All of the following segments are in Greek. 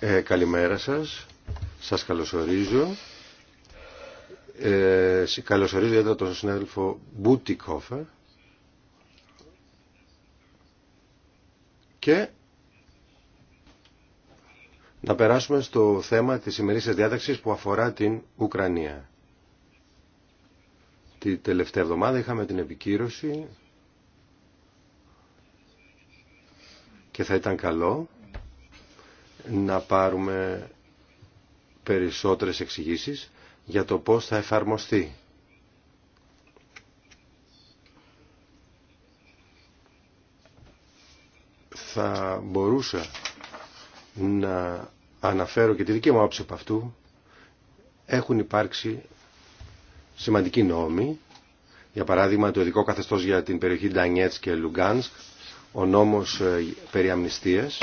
Ε, καλημέρα σας. Σας καλωσορίζω. Ε, καλωσορίζω ιδιαίτερα τον συνάδελφο Μπούτικοφα και να περάσουμε στο θέμα της σημερινής διάταξης που αφορά την Ουκρανία. Τη τελευταία εβδομάδα είχαμε την επικύρωση και θα ήταν καλό να πάρουμε περισσότερες εξηγήσεις για το πώς θα εφαρμοστεί. Θα μπορούσα να αναφέρω και τη δική μου άποψη από αυτού. Έχουν υπάρξει σημαντικοί νόμοι, για παράδειγμα το ειδικό καθεστώς για την περιοχή Ντανιέτς και Λουγκάνσκ, ο νόμος ε, περί αμνηστίας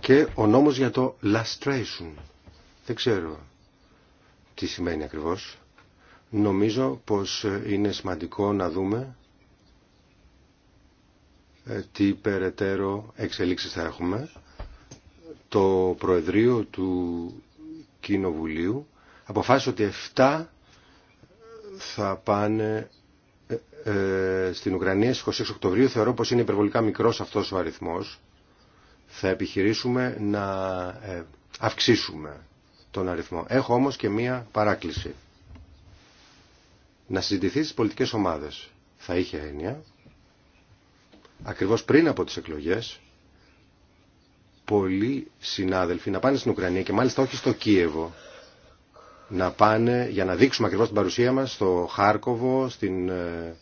και ο νόμος για το lustration. Δεν ξέρω τι σημαίνει ακριβώς. Νομίζω πως ε, είναι σημαντικό να δούμε ε, τι περαιτέρω εξελίξεις θα έχουμε. Το Προεδρείο του Κοινοβουλίου αποφάσισε ότι 7 θα πάνε ε, ε, στην Ουκρανία στις 26 Οκτωβρίου. Θεωρώ πως είναι υπερβολικά μικρός αυτός ο αριθμός. Θα επιχειρήσουμε να ε, αυξήσουμε τον αριθμό. Έχω όμως και μία παράκληση. Να συζητηθεί στις πολιτικές ομάδες. Θα είχε έννοια. Ακριβώς πριν από τις εκλογές, πολλοί συνάδελφοι να πάνε στην Ουκρανία και μάλιστα όχι στο Κίεβο, να πάνε για να δείξουμε ακριβώς την παρουσία μας στο Χάρκοβο, στην ε,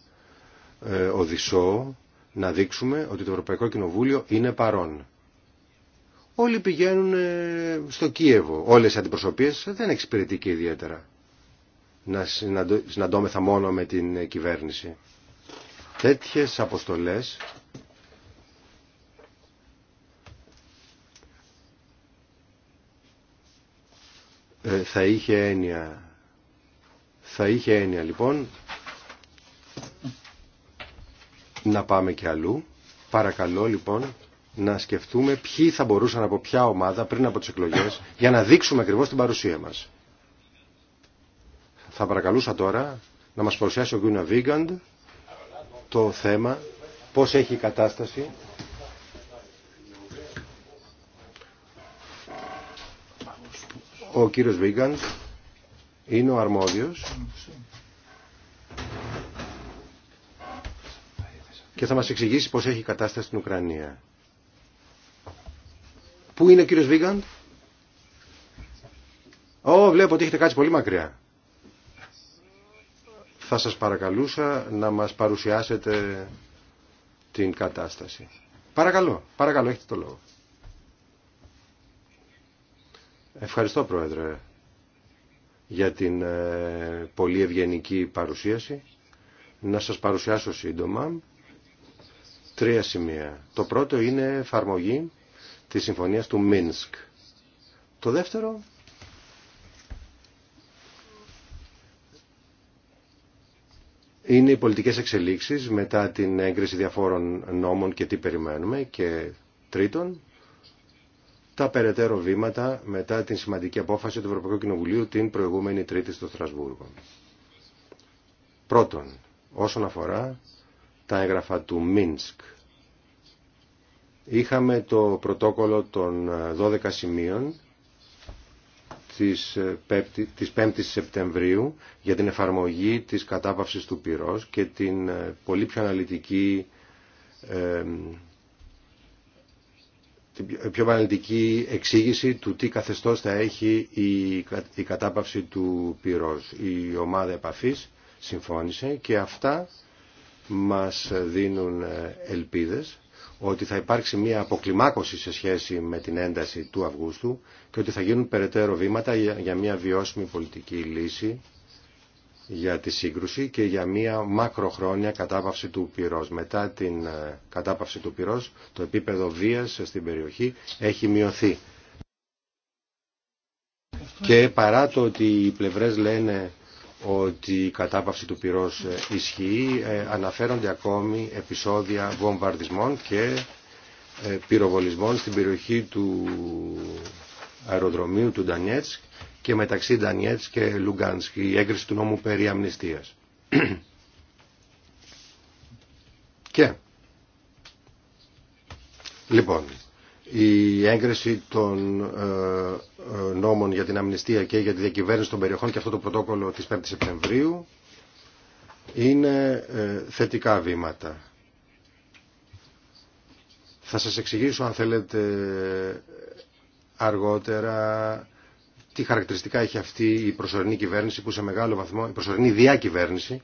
ε, Οδυσσό, να δείξουμε ότι το Ευρωπαϊκό Κοινοβούλιο είναι παρόν. Όλοι πηγαίνουν ε, στο Κίεβο. Όλες οι αντιπροσωπείες δεν εξυπηρετεί και ιδιαίτερα να συναντώμεθα μόνο με την κυβέρνηση. Τέτοιες αποστολές Ε, θα είχε έννοια. Θα είχε έννοια λοιπόν να πάμε και αλλού. Παρακαλώ λοιπόν να σκεφτούμε ποιοι θα μπορούσαν από ποια ομάδα πριν από τις εκλογές για να δείξουμε ακριβώς την παρουσία μας. Θα παρακαλούσα τώρα να μας παρουσιάσει ο Γκούνα Βίγκαντ το θέμα, πώς έχει η κατάσταση Ο κύριος Βίγκαντ είναι ο αρμόδιος και θα μας εξηγήσει πώς έχει κατάσταση στην Ουκρανία. Πού είναι ο κύριος Βίγκαντ? Ω, βλέπω ότι έχετε κάτσει πολύ μακριά. Θα σας παρακαλούσα να μας παρουσιάσετε την κατάσταση. Παρακαλώ, παρακαλώ, έχετε το λόγο. Ευχαριστώ Πρόεδρε για την ε, πολύ ευγενική παρουσίαση. Να σας παρουσιάσω σύντομα τρία σημεία. Το πρώτο είναι εφαρμογή της συμφωνίας του Μίνσκ. Το δεύτερο είναι οι πολιτικές εξελίξεις μετά την έγκριση διαφόρων νόμων και τι περιμένουμε. Και τρίτον, τα περαιτέρω βήματα μετά την σημαντική απόφαση του Ευρωπαϊκού Κοινοβουλίου την προηγούμενη Τρίτη στο Στρασβούργο. Πρώτον, όσον αφορά τα έγγραφα του Μίνσκ. Είχαμε το πρωτόκολλο των 12 ε, σημείων της 5ης ε, Σεπτεμβρίου για την εφαρμογή της κατάπαυσης του πυρός και την ε, πολύ πιο αναλυτική την πιο αναλυτική εξήγηση του τι καθεστώς θα έχει η κατάπαυση του πυρός. Η ομάδα επαφής συμφώνησε και αυτά μας δίνουν ελπίδες ότι θα υπάρξει μια αποκλιμάκωση σε σχέση με την ένταση του Αυγούστου και ότι θα γίνουν περαιτέρω βήματα για μια βιώσιμη πολιτική λύση για τη σύγκρουση και για μία μακροχρόνια κατάπαυση του πυρός. Μετά την ε, κατάπαυση του πυρός, το επίπεδο βίας στην περιοχή έχει μειωθεί. Και παρά το ότι οι πλευρές λένε ότι η κατάπαυση του πυρός ε, ισχύει, ε, αναφέρονται ακόμη επεισόδια βομβαρδισμών και πυροβολισμών στην περιοχή του αεροδρομίου του Ντανιέτσκ και μεταξύ Ντανιέτσκ και Λουγκάνσκ, η έγκριση του νόμου περί αμνηστίας. και, λοιπόν, η έγκριση των ε, ε, νόμων για την αμνηστία και για τη διακυβέρνηση των περιοχών και αυτό το πρωτόκολλο της 5ης Σεπτεμβρίου είναι ε, θετικά βήματα. Θα σας εξηγήσω αν θέλετε αργότερα τι χαρακτηριστικά έχει αυτή η προσωρινή κυβέρνηση που σε μεγάλο βαθμό, η προσωρινή διακυβέρνηση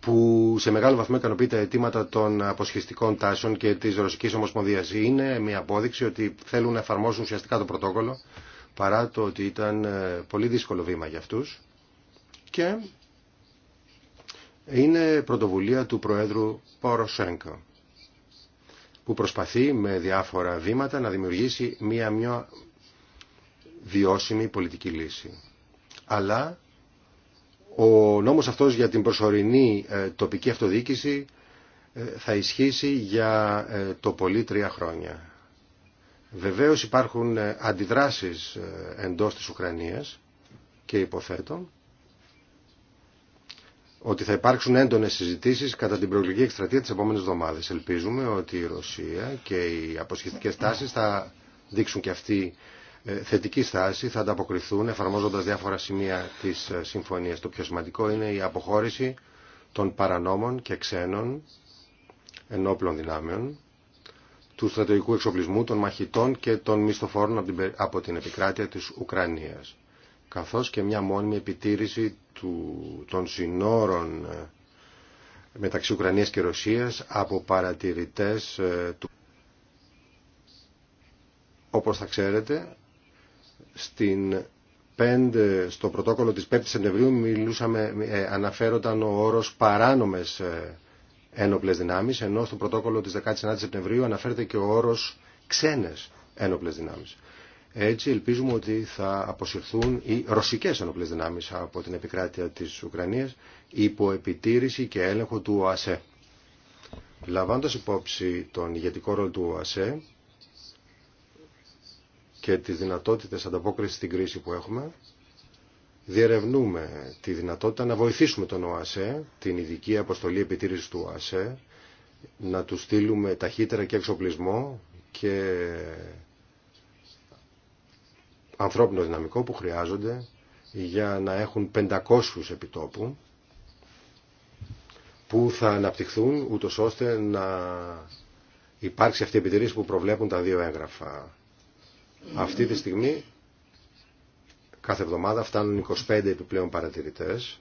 που σε μεγάλο βαθμό ικανοποιεί τα αιτήματα των αποσχεστικών τάσεων και της Ρωσικής Ομοσπονδίας. Είναι μια απόδειξη ότι θέλουν να εφαρμόσουν ουσιαστικά το πρωτόκολλο παρά το ότι ήταν ε, πολύ δύσκολο βήμα για αυτούς και είναι πρωτοβουλία του Προέδρου Ποροσέγκο που προσπαθεί με διάφορα βήματα να δημιουργήσει μια, μια, βιώσιμη πολιτική λύση. Αλλά ο νόμος αυτός για την προσωρινή ε, τοπική αυτοδιοίκηση ε, θα ισχύσει για ε, το πολύ τρία χρόνια. Βεβαίως υπάρχουν αντιδράσεις εντός της Ουκρανίας και υποθέτω ότι θα υπάρξουν έντονες συζητήσεις κατά την προεκλογική εκστρατεία της επόμενης εβδομάδας. Ελπίζουμε ότι η Ρωσία και οι αποσχετικές τάσεις θα δείξουν και αυτοί ε, θετική στάση θα ανταποκριθούν εφαρμόζοντας διάφορα σημεία της ε, συμφωνίας. Το πιο σημαντικό είναι η αποχώρηση των παρανόμων και ξένων ενόπλων δυνάμεων, του στρατηγικού εξοπλισμού, των μαχητών και των μισθοφόρων από την επικράτεια της Ουκρανίας, καθώς και μια μόνιμη επιτήρηση των συνόρων ε, μεταξύ Ουκρανίας και Ρωσίας από παρατηρητές του. Όπως θα ξέρετε, στην στο πρωτόκολλο της 5ης Σεπτεμβρίου μιλούσαμε, ε, αναφέρονταν ο όρος παράνομες ε, ένοπλες δυνάμεις, ενώ στο πρωτόκολλο της 19ης Σεπτεμβρίου αναφέρεται και ο όρος ξένες ένοπλες δυνάμεις. Έτσι ελπίζουμε ότι θα αποσυρθούν οι ρωσικές ένοπλες δυνάμεις από την επικράτεια της Ουκρανίας υπό επιτήρηση και έλεγχο του ΟΑΣΕ. Λαμβάνοντας υπόψη τον ηγετικό ρόλο του ΟΑΣΕ, και τις δυνατότητες ανταπόκρισης στην κρίση που έχουμε, διερευνούμε τη δυνατότητα να βοηθήσουμε τον ΟΑΣΕ, την ειδική αποστολή επιτήρησης του ΟΑΣΕ, να του στείλουμε ταχύτερα και εξοπλισμό και ανθρώπινο δυναμικό που χρειάζονται για να έχουν 500 επιτόπου που θα αναπτυχθούν ούτως ώστε να υπάρξει αυτή η επιτηρήση που προβλέπουν τα δύο έγγραφα. Αυτή τη στιγμή κάθε εβδομάδα φτάνουν 25 επιπλέον παρατηρητές.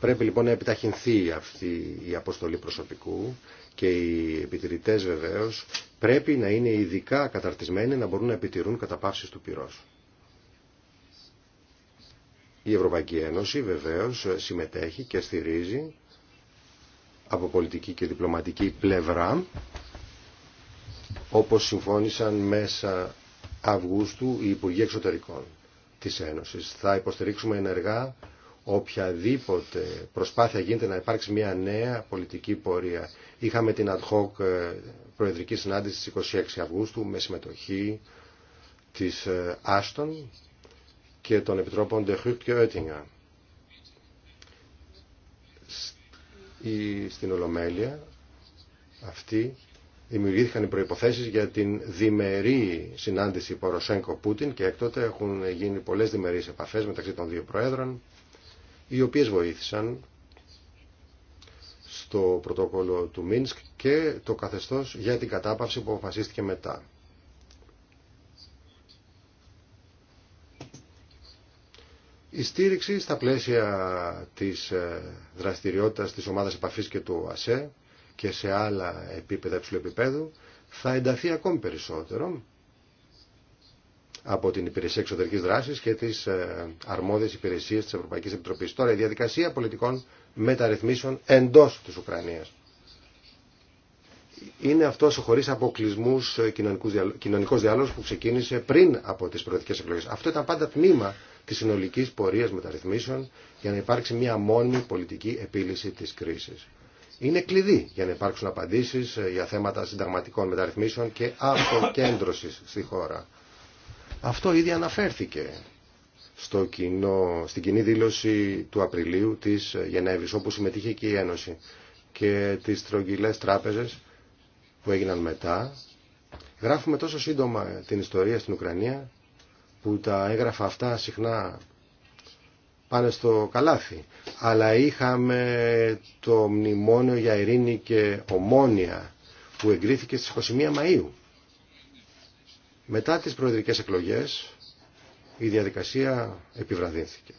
Πρέπει λοιπόν να επιταχυνθεί αυτή η αποστολή προσωπικού και οι επιτηρητές βεβαίως πρέπει να είναι ειδικά καταρτισμένοι να μπορούν να επιτηρούν κατά του πυρός. Η Ευρωπαϊκή Ένωση βεβαίως συμμετέχει και στηρίζει από πολιτική και διπλωματική πλευρά όπως συμφώνησαν μέσα Αυγούστου η Υπουργοί Εξωτερικών της Ένωσης. Θα υποστηρίξουμε ενεργά οποιαδήποτε προσπάθεια γίνεται να υπάρξει μια νέα πολιτική πορεία. Είχαμε την ad hoc ε, προεδρική συνάντηση στις 26 Αυγούστου με συμμετοχή της ε, Άστον και των Επιτρόπων De και Oettinger. Στην Ολομέλεια αυτή δημιουργήθηκαν οι προϋποθέσεις για την διμερή συνάντηση Ποροσέγκο-Πούτιν και έκτοτε έχουν γίνει πολλές διμερείς επαφές μεταξύ των δύο Προέδρων, οι οποίες βοήθησαν στο πρωτόκολλο του Μίνσκ και το καθεστώς για την κατάπαυση που αποφασίστηκε μετά. Η στήριξη στα πλαίσια της ε, δραστηριότητας της ομάδας επαφής και του ΑΣΕ και σε άλλα επίπεδα υψηλού επίπεδου θα ενταθεί ακόμη περισσότερο από την Υπηρεσία Εξωτερική Δράση και τι ε, αρμόδιε υπηρεσίε τη Ευρωπαϊκή Επιτροπή. Τώρα, η διαδικασία πολιτικών μεταρρυθμίσεων εντό τη Ουκρανία. Είναι αυτό ο χωρί αποκλεισμού ε, κοινωνικό διάλογο που ξεκίνησε πριν από τι προεδρικέ εκλογέ. Αυτό ήταν πάντα τμήμα τη συνολική πορεία μεταρρυθμίσεων για να υπάρξει μια μόνιμη πολιτική επίλυση τη κρίση είναι κλειδί για να υπάρξουν απαντήσεις ε, για θέματα συνταγματικών μεταρρυθμίσεων και αυτοκέντρωσης στη χώρα. Αυτό ήδη αναφέρθηκε στο κοινό, στην κοινή δήλωση του Απριλίου της Γενέβης, όπου συμμετείχε και η Ένωση και τις τρογγυλές τράπεζες που έγιναν μετά. Γράφουμε τόσο σύντομα την ιστορία στην Ουκρανία που τα έγραφα αυτά συχνά πάνε στο καλάθι. Αλλά είχαμε το μνημόνιο για ειρήνη και ομόνια που εγκρίθηκε στις 21 Μαΐου. Μετά τις προεδρικές εκλογές η διαδικασία επιβραδύνθηκε.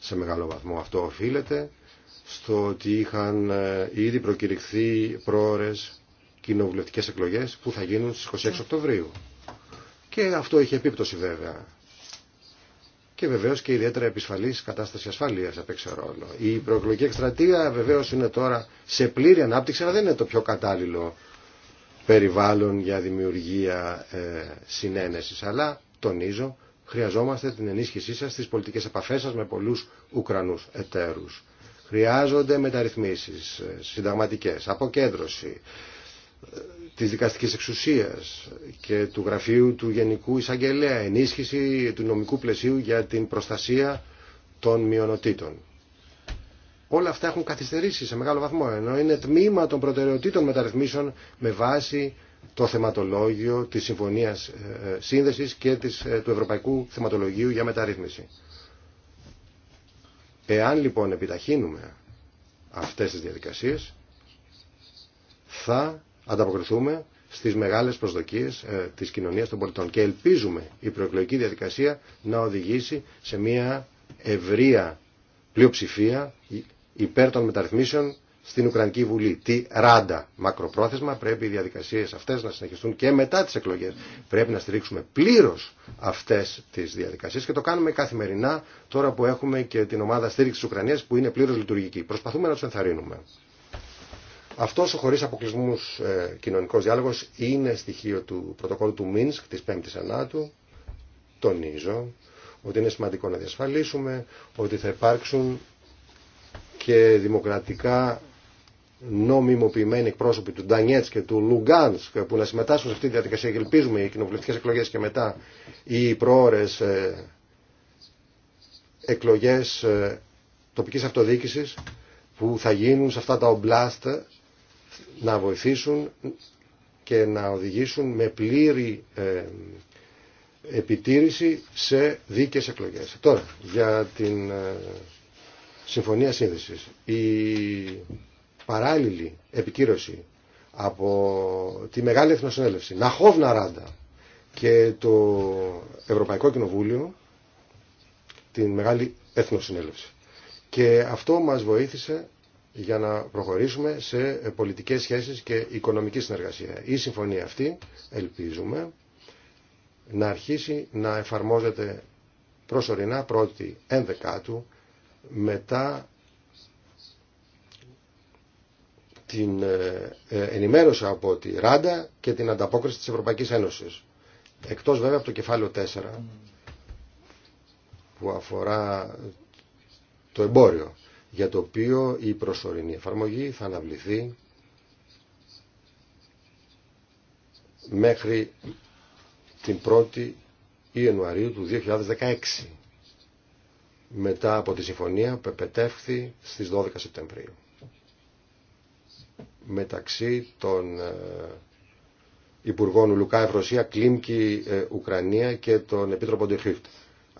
Σε μεγάλο βαθμό αυτό οφείλεται στο ότι είχαν ε, ήδη προκηρυχθεί πρόορες κοινοβουλευτικές εκλογές που θα γίνουν στις 26 Οκτωβρίου. Και αυτό είχε επίπτωση βέβαια και βεβαίω και ιδιαίτερα επισφαλής κατάσταση ασφαλείας παίξει ρόλο. Η προεκλογική εκστρατεία βεβαίω είναι τώρα σε πλήρη ανάπτυξη, αλλά δεν είναι το πιο κατάλληλο περιβάλλον για δημιουργία ε, συνένεσης. Αλλά, τονίζω, χρειαζόμαστε την ενίσχυσή σας στις πολιτικές επαφέ σα με πολλούς Ουκρανούς εταίρου. Χρειάζονται μεταρρυθμίσεις ε, συνταγματικέ, αποκέντρωση, της δικαστικής εξουσίας και του γραφείου του Γενικού Εισαγγελέα, ενίσχυση του νομικού πλαισίου για την προστασία των μειονοτήτων. Όλα αυτά έχουν καθυστερήσει σε μεγάλο βαθμό, ενώ είναι τμήμα των προτεραιοτήτων μεταρρυθμίσεων με βάση το θεματολόγιο της Συμφωνίας ε, Σύνδεσης και της, ε, του Ευρωπαϊκού Θεματολογίου για Μεταρρύθμιση. Εάν λοιπόν επιταχύνουμε αυτές τις διαδικασίες, θα ανταποκριθούμε στις μεγάλες προσδοκίες ε, της κοινωνίας των πολιτών. Και ελπίζουμε η προεκλογική διαδικασία να οδηγήσει σε μια ευρεία πλειοψηφία υπέρ των μεταρρυθμίσεων στην Ουκρανική Βουλή. Τι ράντα μακροπρόθεσμα πρέπει οι διαδικασίες αυτές να συνεχιστούν και μετά τις εκλογές. Πρέπει να στηρίξουμε πλήρως αυτές τις διαδικασίες και το κάνουμε καθημερινά τώρα που έχουμε και την ομάδα στήριξης της Ουκρανίας που είναι πλήρως λειτουργική. Προσπαθούμε να του ενθαρρύνουμε. Αυτό ο χωρίς αποκλεισμού ε, κοινωνικός διάλογος είναι στοιχείο του πρωτοκόλλου του Μίνσκ τη 5 η Ανάτου. Τονίζω ότι είναι σημαντικό να διασφαλίσουμε ότι θα υπάρξουν και δημοκρατικά νομιμοποιημένοι εκπρόσωποι του Ντανιέτ και του Λουγκάνσκ που να συμμετάσχουν σε αυτή τη διαδικασία και ελπίζουμε οι κοινοβουλευτικέ εκλογέ και μετά οι προώρε εκλογέ ε, τοπική αυτοδιοίκηση που θα γίνουν σε αυτά τα ομπλάστ να βοηθήσουν και να οδηγήσουν με πλήρη ε, επιτήρηση σε δίκαιες εκλογές. Τώρα, για την ε, Συμφωνία Σύνδεσης. Η παράλληλη επικύρωση από τη Μεγάλη Εθνοσυνέλευση, Ναχόβνα Ράντα και το Ευρωπαϊκό Κοινοβούλιο, την Μεγάλη Εθνοσυνέλευση. Και αυτό μας βοήθησε για να προχωρήσουμε σε πολιτικές σχέσεις και οικονομική συνεργασία. Η συμφωνία αυτή, ελπίζουμε, να αρχίσει να εφαρμόζεται προσωρινά πρώτη ενδεκάτου μετά την ε, ε, ενημέρωση από τη Ράντα και την ανταπόκριση της Ευρωπαϊκής Ένωσης. Εκτός βέβαια από το κεφάλαιο 4 που αφορά το εμπόριο για το οποίο η προσωρινή εφαρμογή θα αναβληθεί μέχρι την 1η Ιανουαρίου του 2016 μετά από τη συμφωνία που επετεύχθη στις 12 Σεπτεμβρίου μεταξύ των ε, Υπουργών Λουκάευ Ρωσία, Κλίμκι ε, Ουκρανία και τον Επίτροπων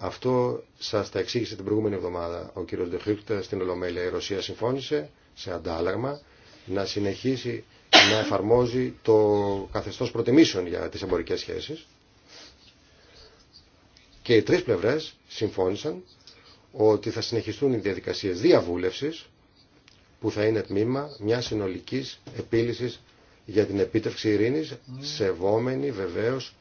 αυτό σας τα εξήγησε την προηγούμενη εβδομάδα ο κύριος Ντεχούκτα στην Ολομέλεια. Η Ρωσία συμφώνησε σε αντάλλαγμα να συνεχίσει να εφαρμόζει το καθεστώς προτιμήσεων για τις εμπορικές σχέσεις. Και οι τρεις πλευρές συμφώνησαν ότι θα συνεχιστούν οι διαδικασίες διαβούλευσης που θα είναι τμήμα μια συνολικής επίλυσης για την επίτευξη ειρήνης, σεβόμενη βεβαίως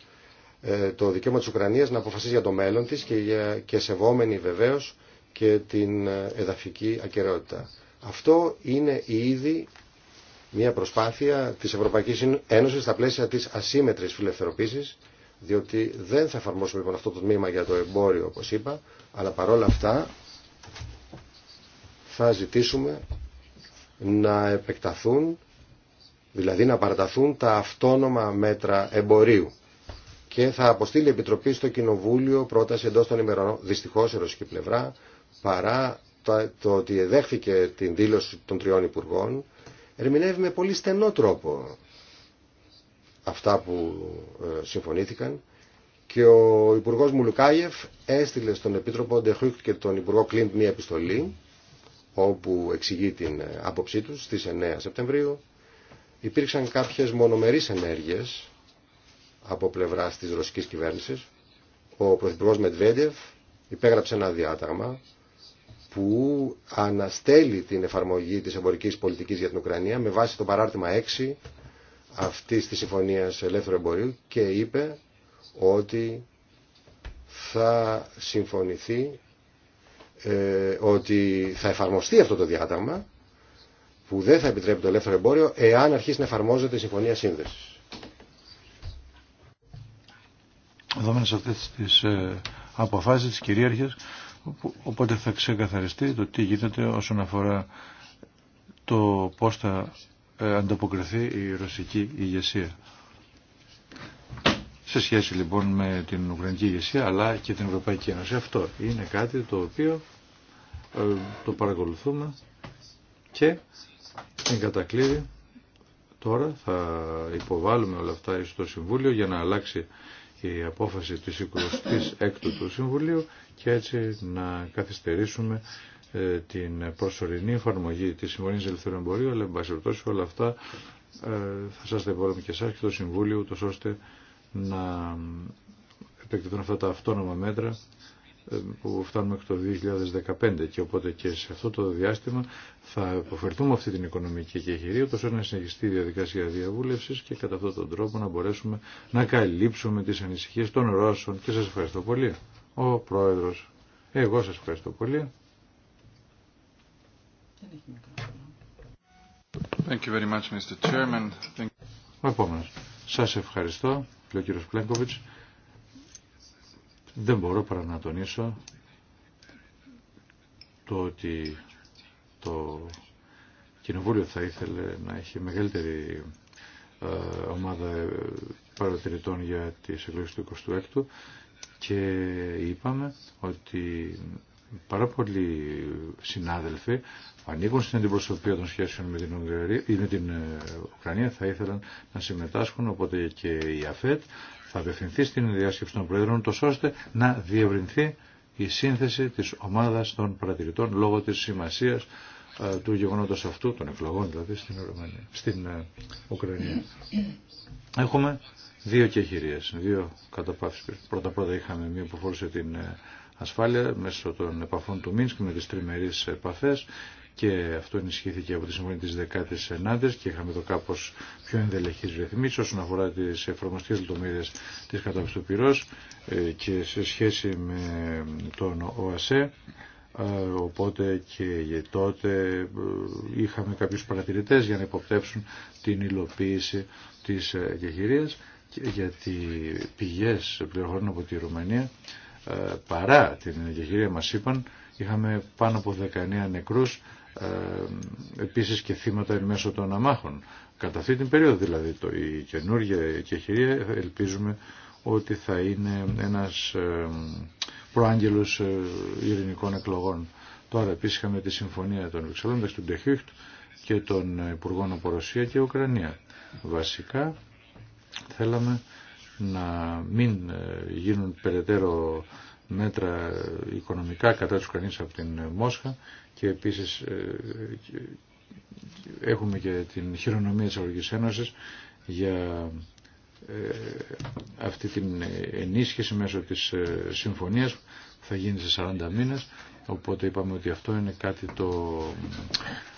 ε, το δικαίωμα της Ουκρανίας να αποφασίζει για το μέλλον της και, για, και σεβόμενη βεβαίως και την ε, εδαφική ακαιρεότητα. Αυτό είναι ήδη μια προσπάθεια της Ευρωπαϊκής Ένωσης στα πλαίσια της ασύμετρης φιλευθεροποίησης, διότι δεν θα εφαρμόσουμε λοιπόν αυτό το τμήμα για το εμπόριο όπως είπα, αλλά παρόλα αυτά θα ζητήσουμε να επεκταθούν, δηλαδή να παραταθούν τα αυτόνομα μέτρα εμπορίου και θα αποστείλει η Επιτροπή στο Κοινοβούλιο πρόταση εντό των ημερών. δυστυχώ η ρωσική πλευρά παρά το ότι δέχθηκε την δήλωση των τριών υπουργών ερμηνεύει με πολύ στενό τρόπο αυτά που ε, συμφωνήθηκαν και ο Υπουργό Μουλουκάιεφ έστειλε στον Επίτροπο Ντεχούκ και τον Υπουργό Κλίντ μία επιστολή όπου εξηγεί την ε, άποψή τους στις 9 Σεπτεμβρίου. Υπήρξαν κάποιες μονομερείς ενέργειες από πλευρά τη ρωσική κυβέρνηση. Ο Πρωθυπουργό Μετβέντεφ υπέγραψε ένα διάταγμα που αναστέλει την εφαρμογή της εμπορικής πολιτικής για την Ουκρανία με βάση το παράρτημα 6 αυτής της Συμφωνίας Ελεύθερου Εμπορίου και είπε ότι θα συμφωνηθεί ε, ότι θα εφαρμοστεί αυτό το διάταγμα που δεν θα επιτρέπει το ελεύθερο εμπόριο εάν αρχίσει να εφαρμόζεται η Συμφωνία Σύνδεσης. σε αυτέ τι ε, αποφάσει της κυρίαρχε, οπότε θα ξεκαθαριστεί το τι γίνεται όσον αφορά το πώ θα ε, ανταποκριθεί η ρωσική ηγεσία. Σε σχέση λοιπόν με την Ουκρανική ηγεσία αλλά και την Ευρωπαϊκή Ένωση. Αυτό είναι κάτι το οποίο ε, το παρακολουθούμε και την κατακλείδη τώρα θα υποβάλουμε όλα αυτά στο Συμβούλιο για να αλλάξει η απόφαση της 26 ης του Συμβουλίου και έτσι να καθυστερήσουμε ε, την προσωρινή εφαρμογή της Συμφωνίας Ελευθερών Εμπορίου, αλλά εν όλα αυτά ε, θα σας τα και εσάς και το Συμβούλιο, ούτως ώστε να επεκτεθούν αυτά τα αυτόνομα μέτρα ε, που φτάνουμε το 2015 και οπότε και σε αυτό το διάστημα θα υποφερθούμε αυτή την οικονομική και τόσο να συνεχιστεί η διαδικασία διαβούλευσης και κατά αυτόν τον τρόπο να μπορέσουμε να καλύψουμε τις ανησυχίες των Ρώσων και σας ευχαριστώ πολύ ο Πρόεδρος εγώ σας ευχαριστώ πολύ Thank you very much, Mr. Chairman. Thank... Σας ευχαριστώ, ο κύριος Πλέγκοβιτς. Δεν μπορώ παρά να τονίσω το ότι το Κοινοβούλιο θα ήθελε να έχει μεγαλύτερη ε, ομάδα παρατηρητών για τις εκλογές του 26ου και είπαμε ότι πάρα πολλοί συνάδελφοι που ανήκουν στην αντιπροσωπεία των σχέσεων με την, Ουγγαρία, ή με την ε, Ουκρανία θα ήθελαν να συμμετάσχουν οπότε και η ΑΦΕΤ θα απευθυνθεί στην διάσκεψη των Προέδρων, τόσο ώστε να διευρυνθεί η σύνθεση της ομάδας των παρατηρητών λόγω της σημασίας ε, του γεγονότος αυτού, των εκλογών δηλαδή στην, στην ε, Ουκρανία. Έχουμε δύο κεχηρίες, δύο καταπαύσεις. Πρώτα-πρώτα είχαμε μία που την ε, ασφάλεια μέσω των επαφών του Μίνσκ με τις τριμερείς επαφέ και αυτό ενισχύθηκε από τη συμφωνία της 19ης και είχαμε εδώ κάπως πιο ενδελεχείς ρυθμίσεις όσον αφορά τι εφαρμοστικές λεπτομέρειες της κατάψης του πυρός ε, και σε σχέση με τον ΟΑΣΕ ε, οπότε και τότε ε, είχαμε κάποιου παρατηρητές για να υποπτεύσουν την υλοποίηση της για γιατί πηγές πληροφορούν από τη Ρουμανία ε, παρά την διαχειρία μας είπαν είχαμε πάνω από 19 νεκρούς ε, επίσης και θύματα εν μέσω των αμάχων. Κατά αυτή την περίοδο δηλαδή το, η καινούργια διαχειρία ελπίζουμε ότι θα είναι ένας ε, προάγγελος ειρηνικών εκλογών. Τώρα επίσης είχαμε τη συμφωνία των Βεξελών του Ντεχίχτ και των Υπουργών από Ρωσία και Ουκρανία. Βασικά θέλαμε να μην ε, γίνουν περαιτέρω μέτρα οικονομικά κατά τους κανείς από την Μόσχα και επίσης ε, έχουμε και την χειρονομία της Αγωγικής Ένωσης για ε, αυτή την ενίσχυση μέσω της συμφωνίας που θα γίνει σε 40 μήνες οπότε είπαμε ότι αυτό είναι κάτι το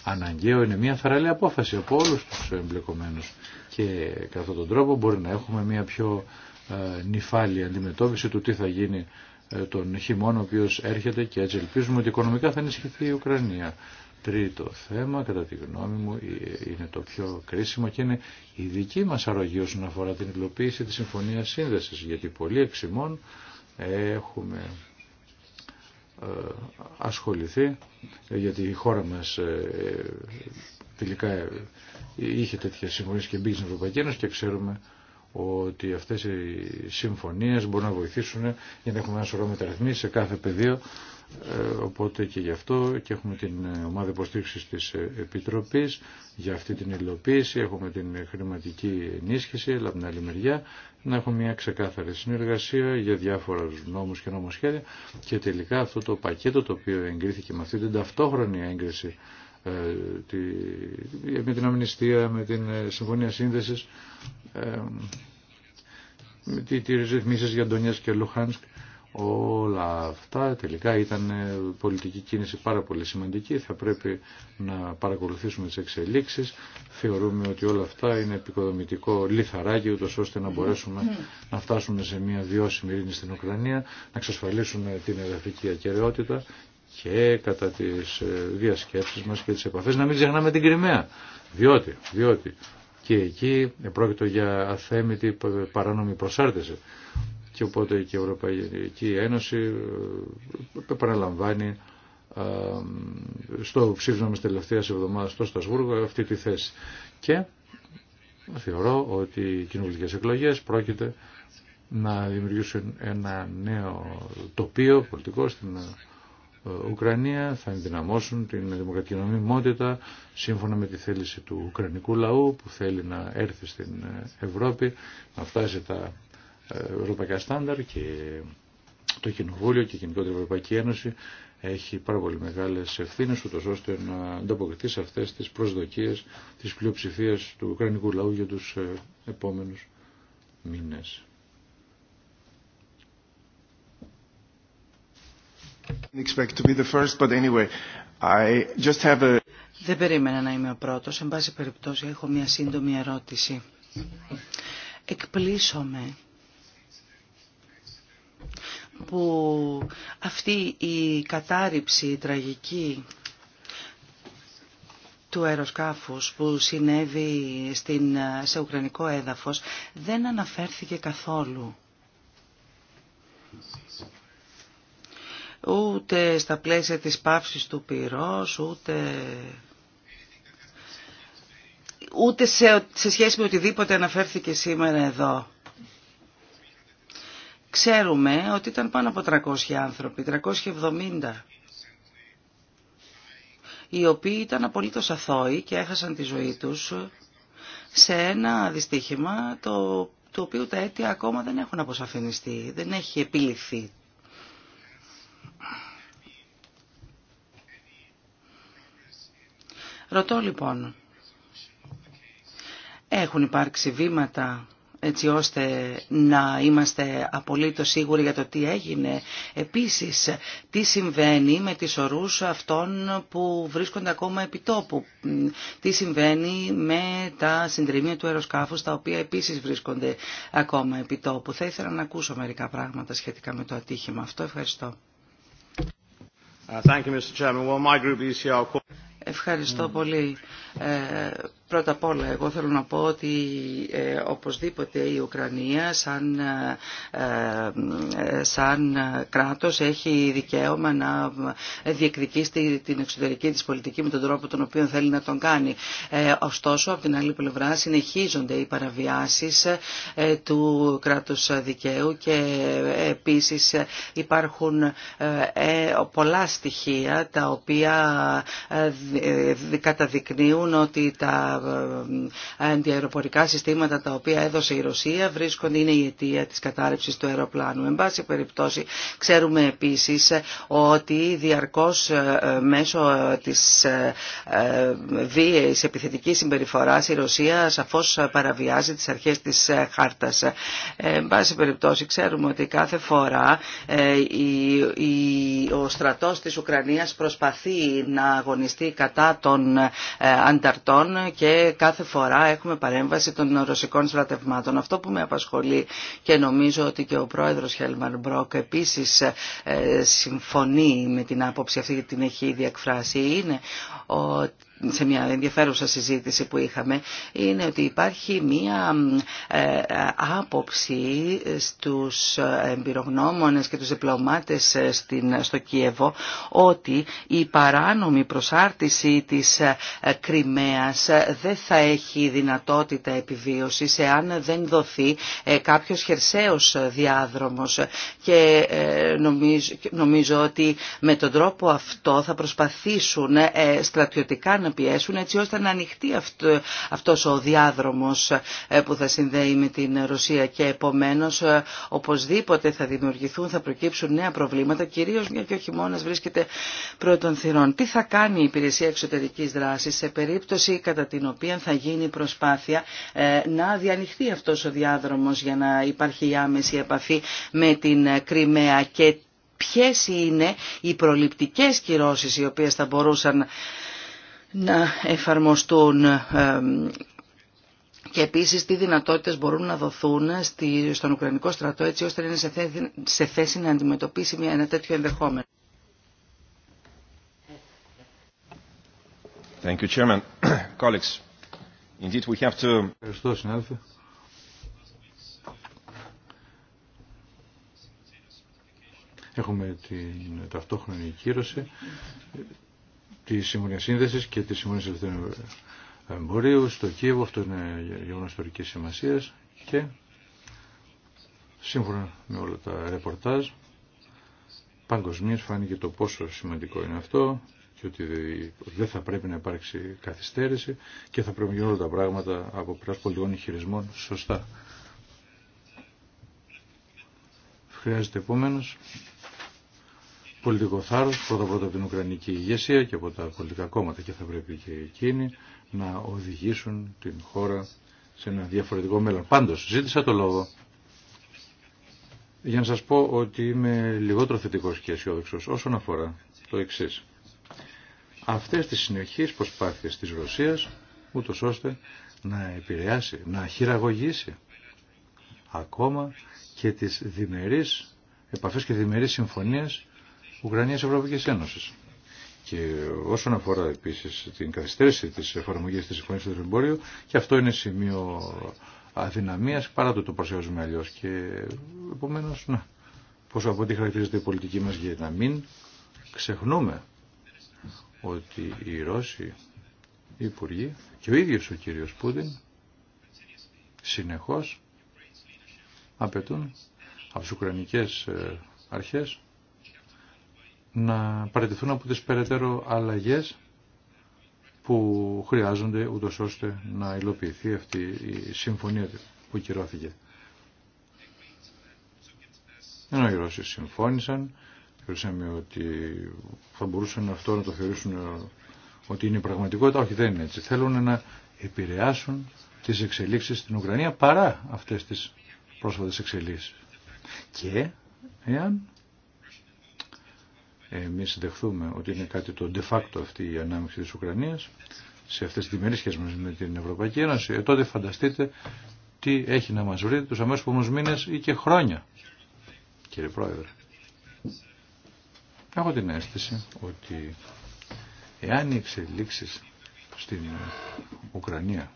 αναγκαίο, είναι μια θαραλέα απόφαση από όλου τους εμπλεκομένους και κατά αυτόν τον τρόπο μπορεί να έχουμε μια πιο ε, νυφάλια αντιμετώπιση του τι θα γίνει ε, τον χειμώνα ο οποίο έρχεται και έτσι ελπίζουμε ότι οικονομικά θα ενισχυθεί η Ουκρανία. Τρίτο θέμα, κατά τη γνώμη μου, ε, είναι το πιο κρίσιμο και είναι η δική μας αρρωγή όσον αφορά την υλοποίηση της Συμφωνίας Σύνδεσης, γιατί πολλοί εξημών έχουμε ε, ασχοληθεί ε, γιατί η χώρα μας ε, τελικά είχε τέτοια συμφωνίες και μπήκε στην Ευρωπαϊκή Ένωση και ξέρουμε ότι αυτές οι συμφωνίες μπορούν να βοηθήσουν για να έχουμε ένα σωρό μεταρρυθμίσεις σε κάθε πεδίο ε, οπότε και γι' αυτό και έχουμε την ε, ομάδα υποστήριξη της ε, Επιτροπής για αυτή την υλοποίηση, έχουμε την χρηματική ενίσχυση, αλλά από την άλλη μεριά να έχουμε μια ξεκάθαρη συνεργασία για διάφορα νόμους και νομοσχέδια και τελικά αυτό το πακέτο το οποίο εγκρίθηκε με αυτή την ταυτόχρονη έγκριση με την αμνηστία, με την συμφωνία σύνδεσης, με τι ρυθμίσει για Ντονιέ και Λουχάνσκ, Όλα αυτά τελικά ήταν πολιτική κίνηση πάρα πολύ σημαντική. Θα πρέπει να παρακολουθήσουμε τις εξελίξεις. Θεωρούμε ότι όλα αυτά είναι επικοδομητικό λιθαράκι ούτως ώστε να μπορέσουμε να φτάσουμε σε μια βιώσιμη ειρήνη στην Ουκρανία, να εξασφαλίσουμε την εδαφική ακεραιότητα και κατά τις ε, διασκέψεις μας και τις επαφές να μην ξεχνάμε την Κρυμαία. Διότι, διότι και εκεί πρόκειται για αθέμητη παράνομη προσάρτηση και οπότε και η Ευρωπαϊκή Ένωση ε, παραλαμβάνει ε, στο ψήφισμα μας τελευταίας εβδομάδας στο Στασβούργο αυτή τη θέση. Και θεωρώ ότι οι κοινωνικές εκλογές πρόκειται να δημιουργήσουν ένα νέο τοπίο πολιτικό στην ε, Ουκρανία, θα ενδυναμώσουν την δημοκρατική νομιμότητα σύμφωνα με τη θέληση του Ουκρανικού λαού που θέλει να έρθει στην Ευρώπη, να φτάσει τα ευρωπαϊκά στάνταρ και το Κοινοβούλιο και η Γενικότερη Ευρωπαϊκή Ένωση έχει πάρα πολύ μεγάλες ευθύνες ούτως ώστε να ανταποκριθεί σε αυτές τις προσδοκίες της πλειοψηφία του Ουκρανικού λαού για τους ε, επόμενους μήνες. Δεν περίμενα να είμαι ο πρώτος. Εν πάση περιπτώσει έχω μια σύντομη ερώτηση. Εκπλήσωμαι που αυτή η κατάρριψη τραγική του αεροσκάφους που συνέβη στην, σε ουκρανικό έδαφος δεν αναφέρθηκε καθόλου. Ούτε στα πλαίσια της πάυσης του πυρός, ούτε ούτε σε, σε σχέση με οτιδήποτε αναφέρθηκε σήμερα εδώ. Ξέρουμε ότι ήταν πάνω από 300 άνθρωποι, 370, οι οποίοι ήταν απολύτως αθώοι και έχασαν τη ζωή τους σε ένα δυστύχημα το, το οποίο τα αίτια ακόμα δεν έχουν αποσαφινιστεί, δεν έχει επιληθεί. Ρωτώ λοιπόν, έχουν υπάρξει βήματα έτσι ώστε να είμαστε απολύτως σίγουροι για το τι έγινε. Επίσης, τι συμβαίνει με τις ορούς αυτών που βρίσκονται ακόμα επί τόπου. Τι συμβαίνει με τα συντριμμία του αεροσκάφους, τα οποία επίσης βρίσκονται ακόμα επί τόπου. Θα ήθελα να ακούσω μερικά πράγματα σχετικά με το ατύχημα αυτό. Ευχαριστώ. Uh, thank e Ευχαριστώ πολύ. Ε, Πρώτα απ' όλα, εγώ θέλω να πω ότι ε, οπωσδήποτε η Ουκρανία σαν, ε, ε, σαν κράτος έχει δικαίωμα να διεκδικήσει την εξωτερική της πολιτική με τον τρόπο τον οποίο θέλει να τον κάνει. Ε, ωστόσο, από την άλλη πλευρά συνεχίζονται οι παραβιάσεις ε, του κράτους δικαίου και επίσης υπάρχουν πολλά στοιχεία τα οποία καταδεικνύουν ότι τα ε, αντιαεροπορικά συστήματα τα οποία έδωσε η Ρωσία βρίσκονται, είναι η αιτία της κατάρρευσης του αεροπλάνου. Εν πάση περιπτώσει ξέρουμε επίσης ότι διαρκώς ε, ε, μέσω της βίαιης επιθετικής συμπεριφοράς η Ρωσία σαφώς παραβιάζει τις αρχές της χάρτας. Εν πάση περιπτώσει ξέρουμε ότι κάθε φορά ο στρατός της Ουκρανίας προσπαθεί να αγωνιστεί κατά των ανταρτών και και κάθε φορά έχουμε παρέμβαση των ρωσικών στρατευμάτων. Αυτό που με απασχολεί και νομίζω ότι και ο πρόεδρος Χέλμαν Μπρόκ επίσης ε, συμφωνεί με την άποψη αυτή την έχει ήδη εκφράσει είναι ότι σε μια ενδιαφέρουσα συζήτηση που είχαμε είναι ότι υπάρχει μια ε, άποψη στους εμπειρογνώμονες και τους διπλωμάτες ε, στο Κίεβο ότι η παράνομη προσάρτηση της ε, Κρυμαίας δεν θα έχει δυνατότητα επιβίωσης εάν δεν δοθεί κάποιος χερσαίος διάδρομος και νομίζω, ότι με τον τρόπο αυτό θα προσπαθήσουν στρατιωτικά να πιέσουν έτσι ώστε να ανοιχτεί αυτό, αυτός ο διάδρομος ε, που θα συνδέει με την Ρωσία και επομένως ε, οπωσδήποτε θα δημιουργηθούν, θα προκύψουν νέα προβλήματα, κυρίως μια και ο χειμώνα βρίσκεται πρώτων θυρών. Τι θα κάνει η Υπηρεσία Εξωτερικής Δράσης σε περίπτωση κατά την οποία θα γίνει προσπάθεια ε, να διανοιχτεί αυτός ο διάδρομος για να υπάρχει η άμεση επαφή με την Κρυμαία και ποιες είναι οι προληπτικές κυρώσεις οι οποίες θα μπορούσαν να εφαρμοστούν και επίσης τι δυνατότητες μπορούν να δοθούν στον Ουκρανικό στρατό έτσι ώστε να είναι σε θέση να αντιμετωπίσει ένα τέτοιο ενδεχόμενο. Thank you, Chairman. Colleagues, indeed we have to... Έχουμε την ταυτόχρονη κύρωση τη Συμφωνία Σύνδεση και τη Συμφωνία Ελευθερία Εμπορίου στο Κίεβο. Αυτό είναι γεγονό ιστορική σημασία και σύμφωνα με όλα τα ρεπορτάζ παγκοσμίω φάνηκε το πόσο σημαντικό είναι αυτό και ότι δεν θα πρέπει να υπάρξει καθυστέρηση και θα πρέπει να γίνουν όλα τα πράγματα από πλευρά πολιτικών χειρισμών σωστά. Χρειάζεται επομένω πολιτικό θάρρος πρώτα πρώτα από την Ουκρανική ηγεσία και από τα πολιτικά κόμματα και θα πρέπει και εκείνοι να οδηγήσουν την χώρα σε ένα διαφορετικό μέλλον. Πάντως ζήτησα το λόγο για να σας πω ότι είμαι λιγότερο θετικός και αισιόδοξο όσον αφορά το εξή. Αυτές τις συνεχείς προσπάθειες της Ρωσίας ούτως ώστε να επηρεάσει, να χειραγωγήσει ακόμα και τις διμερείς επαφές και διμερείς συμφωνίες Ουκρανίας Ευρωπαϊκής Ένωσης. Και όσον αφορά επίσης την καθυστέρηση της εφαρμογής της συμφωνίας του εμπόριου, και αυτό είναι σημείο αδυναμίας, παρά το το προσέχουμε αλλιώ. Και επομένως, να, πόσο από ό,τι χαρακτηρίζεται η πολιτική μας για να μην ξεχνούμε ότι οι Ρώσοι οι Υπουργοί και ο ίδιος ο κύριος Πούτιν συνεχώς απαιτούν από τις Ουκρανικές ε, αρχές να παρατηθούν από τις περαιτέρω αλλαγές που χρειάζονται ούτω ώστε να υλοποιηθεί αυτή η συμφωνία που κυρώθηκε. Ενώ οι Ρώσοι συμφώνησαν, θεωρήσαμε ότι θα μπορούσαν αυτό να το θεωρήσουν ότι είναι η πραγματικότητα. Όχι, δεν είναι έτσι. Θέλουν να επηρεάσουν τις εξελίξεις στην Ουκρανία παρά αυτές τις πρόσφατες εξελίξεις. Και εάν εμείς δεχθούμε ότι είναι κάτι το de facto αυτή η ανάμειξη της Ουκρανίας σε αυτές τις δημιουργίες μας με την Ευρωπαϊκή Ένωση, ε, τότε φανταστείτε τι έχει να μας βρει τους αμέσως πόμους μήνες ή και χρόνια, κύριε Πρόεδρε. Έχω την αίσθηση ότι εάν οι εξελίξεις στην Ουκρανία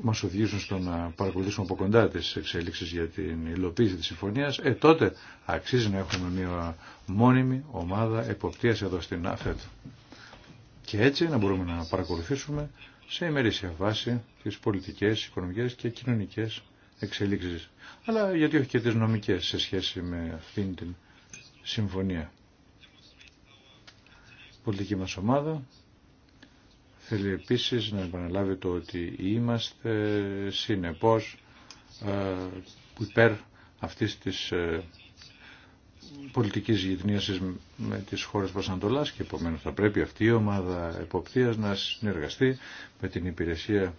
μας οδηγήσουν στο να παρακολουθήσουμε από κοντά τις εξέλιξεις για την υλοποίηση της συμφωνίας, ε, τότε αξίζει να έχουμε μια μόνιμη ομάδα εποπτείας εδώ στην ΑΦΕΤ. Και έτσι να μπορούμε να παρακολουθήσουμε σε ημερήσια βάση τις πολιτικές, οικονομικές και κοινωνικές εξελίξεις. Αλλά γιατί όχι και τις νομικές σε σχέση με αυτήν την συμφωνία. πολιτική μας ομάδα Θέλει επίσης να επαναλάβει το ότι είμαστε συνεπώς ε, υπέρ αυτής της ε, πολιτικής γυτνίασης με τις χώρες Πασαντολάς και επομένως θα πρέπει αυτή η ομάδα εποπτείας να συνεργαστεί με την υπηρεσία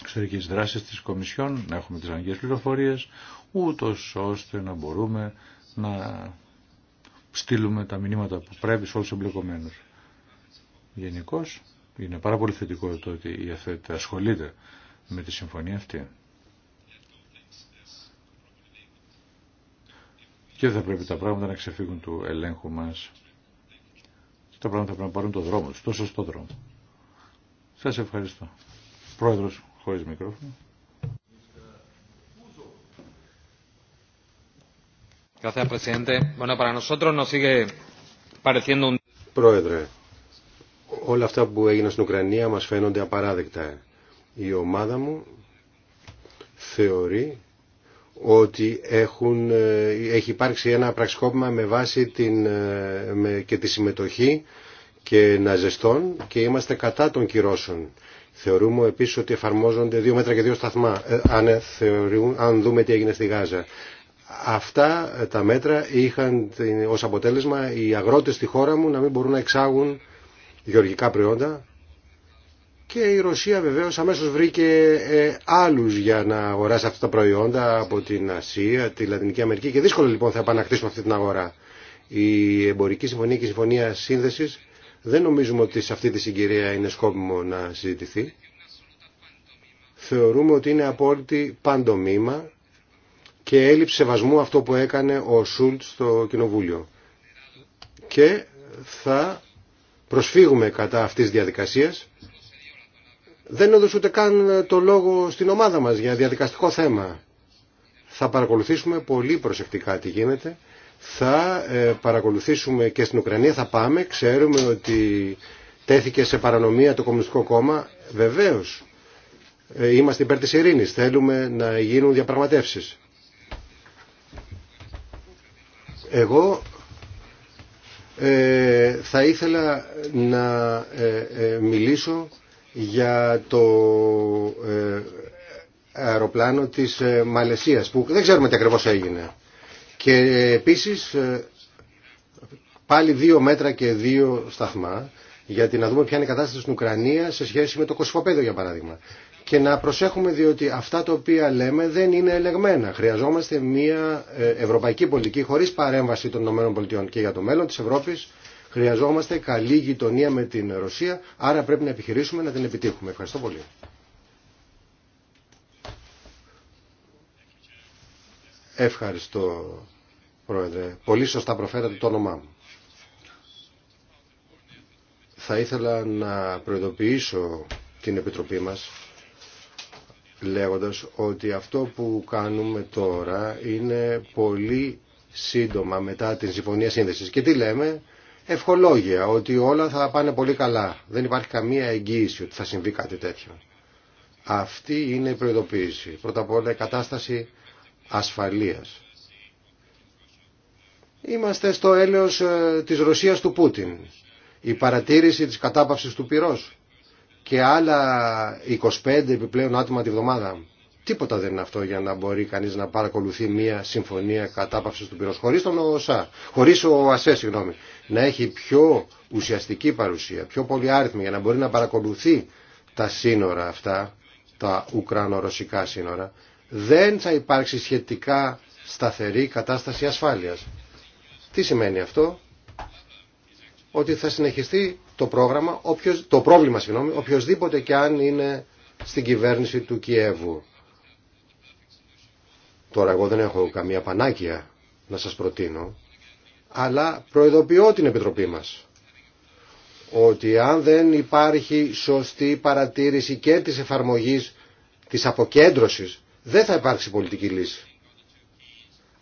εξωτερικής δράσης της Κομισιόν, να έχουμε τις αναγκαίες πληροφορίες, ούτως ώστε να μπορούμε να στείλουμε τα μηνύματα που πρέπει σε όλους εμπλεκομένους. Γενικώ είναι πάρα πολύ θετικό το ότι η ΑΦΕΤ ασχολείται με τη συμφωνία αυτή. Και θα πρέπει τα πράγματα να ξεφύγουν του ελέγχου μας. Τα πράγματα πρέπει να πάρουν το δρόμο τους, το σωστό δρόμο. Σας ευχαριστώ. Πρόεδρος χωρίς μικρόφωνο. Gracias, Bueno, para nosotros nos sigue pareciendo un... Πρόεδρε, όλα αυτά που έγιναν στην Ουκρανία μας φαίνονται απαράδεκτα. Η ομάδα μου θεωρεί ότι έχουν, ε, έχει υπάρξει ένα πραξικόπημα με βάση την, ε, με, και τη συμμετοχή και να ζεστών και είμαστε κατά των κυρώσεων. Θεωρούμε επίσης ότι εφαρμόζονται δύο μέτρα και δύο σταθμά, ε, αν, θεωρούν, αν δούμε τι έγινε στη Γάζα. Αυτά τα μέτρα είχαν ως αποτέλεσμα οι αγρότες στη χώρα μου να μην μπορούν να εξάγουν γεωργικά προϊόντα και η Ρωσία βεβαίως αμέσως βρήκε ε, άλλους για να αγοράσει αυτά τα προϊόντα από την Ασία, τη Λατινική Αμερική και δύσκολο λοιπόν θα επανακτήσουμε αυτή την αγορά. Η εμπορική συμφωνία και η συμφωνία σύνδεσης δεν νομίζουμε ότι σε αυτή τη συγκυρία είναι σκόπιμο να συζητηθεί. Θεωρούμε ότι είναι απόλυτη παντομήμα και έλλειψη σεβασμού αυτό που έκανε ο Σούλτ στο Κοινοβούλιο. Και θα προσφύγουμε κατά αυτής διαδικασίας. Δεν έδωσε ούτε καν το λόγο στην ομάδα μας για διαδικαστικό θέμα. Θα παρακολουθήσουμε πολύ προσεκτικά τι γίνεται. Θα ε, παρακολουθήσουμε και στην Ουκρανία, θα πάμε. Ξέρουμε ότι τέθηκε σε παρανομία το Κομμουνιστικό Κόμμα. Βεβαίως, ε, είμαστε υπέρ της ειρήνης. Θέλουμε να γίνουν διαπραγματεύσεις. Εγώ ε, θα ήθελα να ε, ε, μιλήσω για το ε, αεροπλάνο της Μαλαισίας που δεν ξέρουμε τι ακριβώς έγινε. Και επίσης πάλι δύο μέτρα και δύο σταθμά γιατί να δούμε ποια είναι η κατάσταση στην Ουκρανία σε σχέση με το Κωσυφοπέδιο για παράδειγμα και να προσέχουμε διότι αυτά τα οποία λέμε δεν είναι ελεγμένα. Χρειαζόμαστε μια ε, ευρωπαϊκή πολιτική χωρίς παρέμβαση των ΗΠΑ και για το μέλλον της Ευρώπης. Χρειαζόμαστε καλή γειτονία με την Ρωσία, άρα πρέπει να επιχειρήσουμε να την επιτύχουμε. Ευχαριστώ πολύ. Ευχαριστώ, Πρόεδρε. Πολύ σωστά προφέρατε το όνομά μου. Θα ήθελα να προειδοποιήσω την Επιτροπή μας λέγοντας ότι αυτό που κάνουμε τώρα είναι πολύ σύντομα μετά την Συμφωνία Σύνδεσης. Και τι λέμε, ευχολόγια, ότι όλα θα πάνε πολύ καλά. Δεν υπάρχει καμία εγγύηση ότι θα συμβεί κάτι τέτοιο. Αυτή είναι η προειδοποίηση. Πρώτα απ' όλα η κατάσταση ασφαλείας. Είμαστε στο έλεος ε, της Ρωσίας του Πούτιν. Η παρατήρηση της κατάπαυσης του πυρός και άλλα 25 επιπλέον άτομα τη βδομάδα. Τίποτα δεν είναι αυτό για να μπορεί κανεί να παρακολουθεί μια συμφωνία κατάπαυση του πυρό. Χωρί τον ΟΣΑ, χωρί ο ΑΣΕ, συγγνώμη, να έχει πιο ουσιαστική παρουσία, πιο πολυάριθμη για να μπορεί να παρακολουθεί τα σύνορα αυτά, τα Ουκρανο-Ρωσικά σύνορα, δεν θα υπάρξει σχετικά σταθερή κατάσταση ασφάλειας. Τι σημαίνει αυτό? Ότι θα συνεχιστεί το, πρόγραμμα, το πρόβλημα, συγγνώμη, οποιοδήποτε και αν είναι στην κυβέρνηση του Κιέβου. Τώρα εγώ δεν έχω καμία πανάκια να σας προτείνω, αλλά προειδοποιώ την Επιτροπή μας ότι αν δεν υπάρχει σωστή παρατήρηση και της εφαρμογής της αποκέντρωσης, δεν θα υπάρξει πολιτική λύση.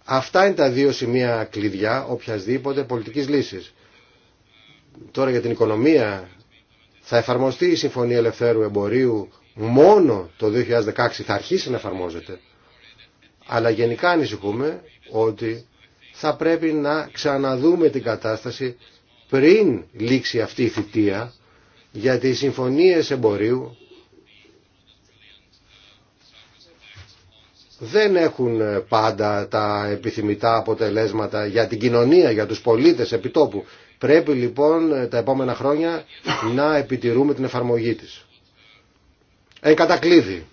Αυτά είναι τα δύο σημεία κλειδιά οποιασδήποτε πολιτικής λύσης τώρα για την οικονομία θα εφαρμοστεί η Συμφωνία Ελευθέρου Εμπορίου μόνο το 2016 θα αρχίσει να εφαρμόζεται αλλά γενικά ανησυχούμε ότι θα πρέπει να ξαναδούμε την κατάσταση πριν λήξει αυτή η θητεία γιατί οι συμφωνίες εμπορίου δεν έχουν πάντα τα επιθυμητά αποτελέσματα για την κοινωνία, για τους πολίτες επιτόπου Πρέπει λοιπόν ε, τα επόμενα χρόνια να επιτηρούμε την εφαρμογή της. Εν κατακλείδη.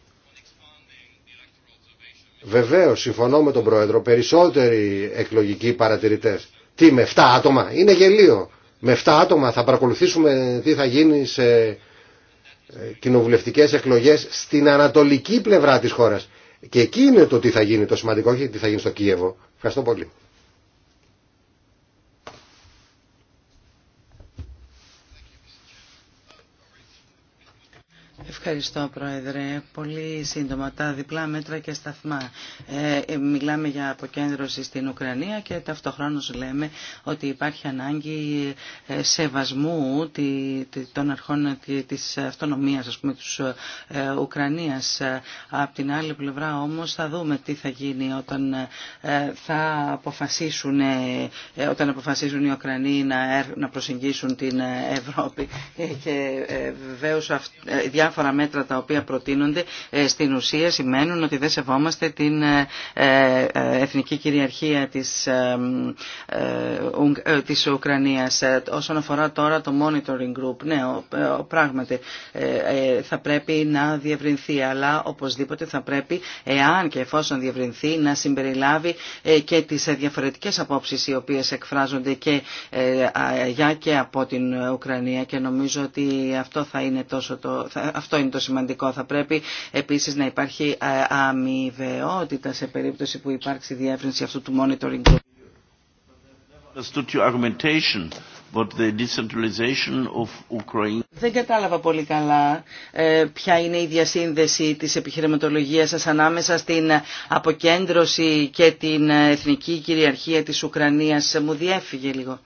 Βεβαίω, συμφωνώ με τον Πρόεδρο, περισσότεροι εκλογικοί παρατηρητέ. Τι, με 7 άτομα, είναι γελίο. Με 7 άτομα θα παρακολουθήσουμε τι θα γίνει σε ε, κοινοβουλευτικέ εκλογέ στην ανατολική πλευρά τη χώρα. Και εκεί είναι το τι θα γίνει το σημαντικό, όχι τι θα γίνει στο Κίεβο. Ευχαριστώ πολύ. Ευχαριστώ, Πρόεδρε. Πολύ σύντομα τα διπλά μέτρα και σταθμά. Ε, ε, μιλάμε για αποκέντρωση στην Ουκρανία και ταυτοχρόνως λέμε ότι υπάρχει ανάγκη ε, σεβασμού των αρχών της αυτονομίας, ας πούμε, της ε, Ουκρανίας. Απ' την άλλη πλευρά όμως θα δούμε τι θα γίνει όταν θα αποφασίσουν, όταν αποφασίσουν οι Ουκρανοί να προσεγγίσουν την Ευρώπη. Και βεβαίως διάφορα μέτρα τα οποία προτείνονται ε, στην ουσία σημαίνουν ότι δεν σεβόμαστε την ε, ε, εθνική κυριαρχία της, της Ουκρανίας. Όσον αφορά τώρα το monitoring group, ναι, πράγματι θα πρέπει να διευρυνθεί, αλλά οπωσδήποτε θα πρέπει, εάν και εφόσον διευρυνθεί, να συμπεριλάβει και τις διαφορετικές απόψεις οι οποίες εκφράζονται και για και από την Ουκρανία και νομίζω ότι αυτό θα είναι τόσο το, αυτό είναι είναι το σημαντικό. Θα πρέπει επίσης να υπάρχει ε, αμοιβαιότητα σε περίπτωση που υπάρξει διεύρυνση αυτού του monitoring Δεν κατάλαβα πολύ καλά ε, ποια είναι η διασύνδεση της επιχειρηματολογίας σας ανάμεσα στην αποκέντρωση και την εθνική κυριαρχία της Ουκρανίας. Μου διέφυγε λίγο.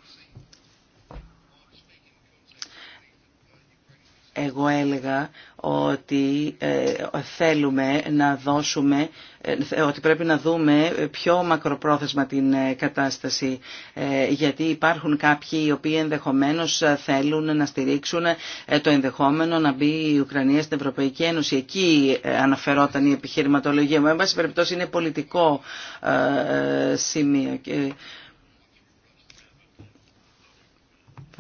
Εγώ έλεγα ότι ε, θέλουμε να δώσουμε, ε, ότι πρέπει να δούμε πιο μακροπρόθεσμα την ε, κατάσταση. Γιατί υπάρχουν κάποιοι οι οποίοι ενδεχομένως θέλουν να στηρίξουν το ενδεχόμενο να μπει η Ουκρανία στην Ευρωπαϊκή Ένωση. Εκεί αναφερόταν η επιχειρηματολογία μου. Εν πάση περιπτώσει είναι πολιτικό σημείο.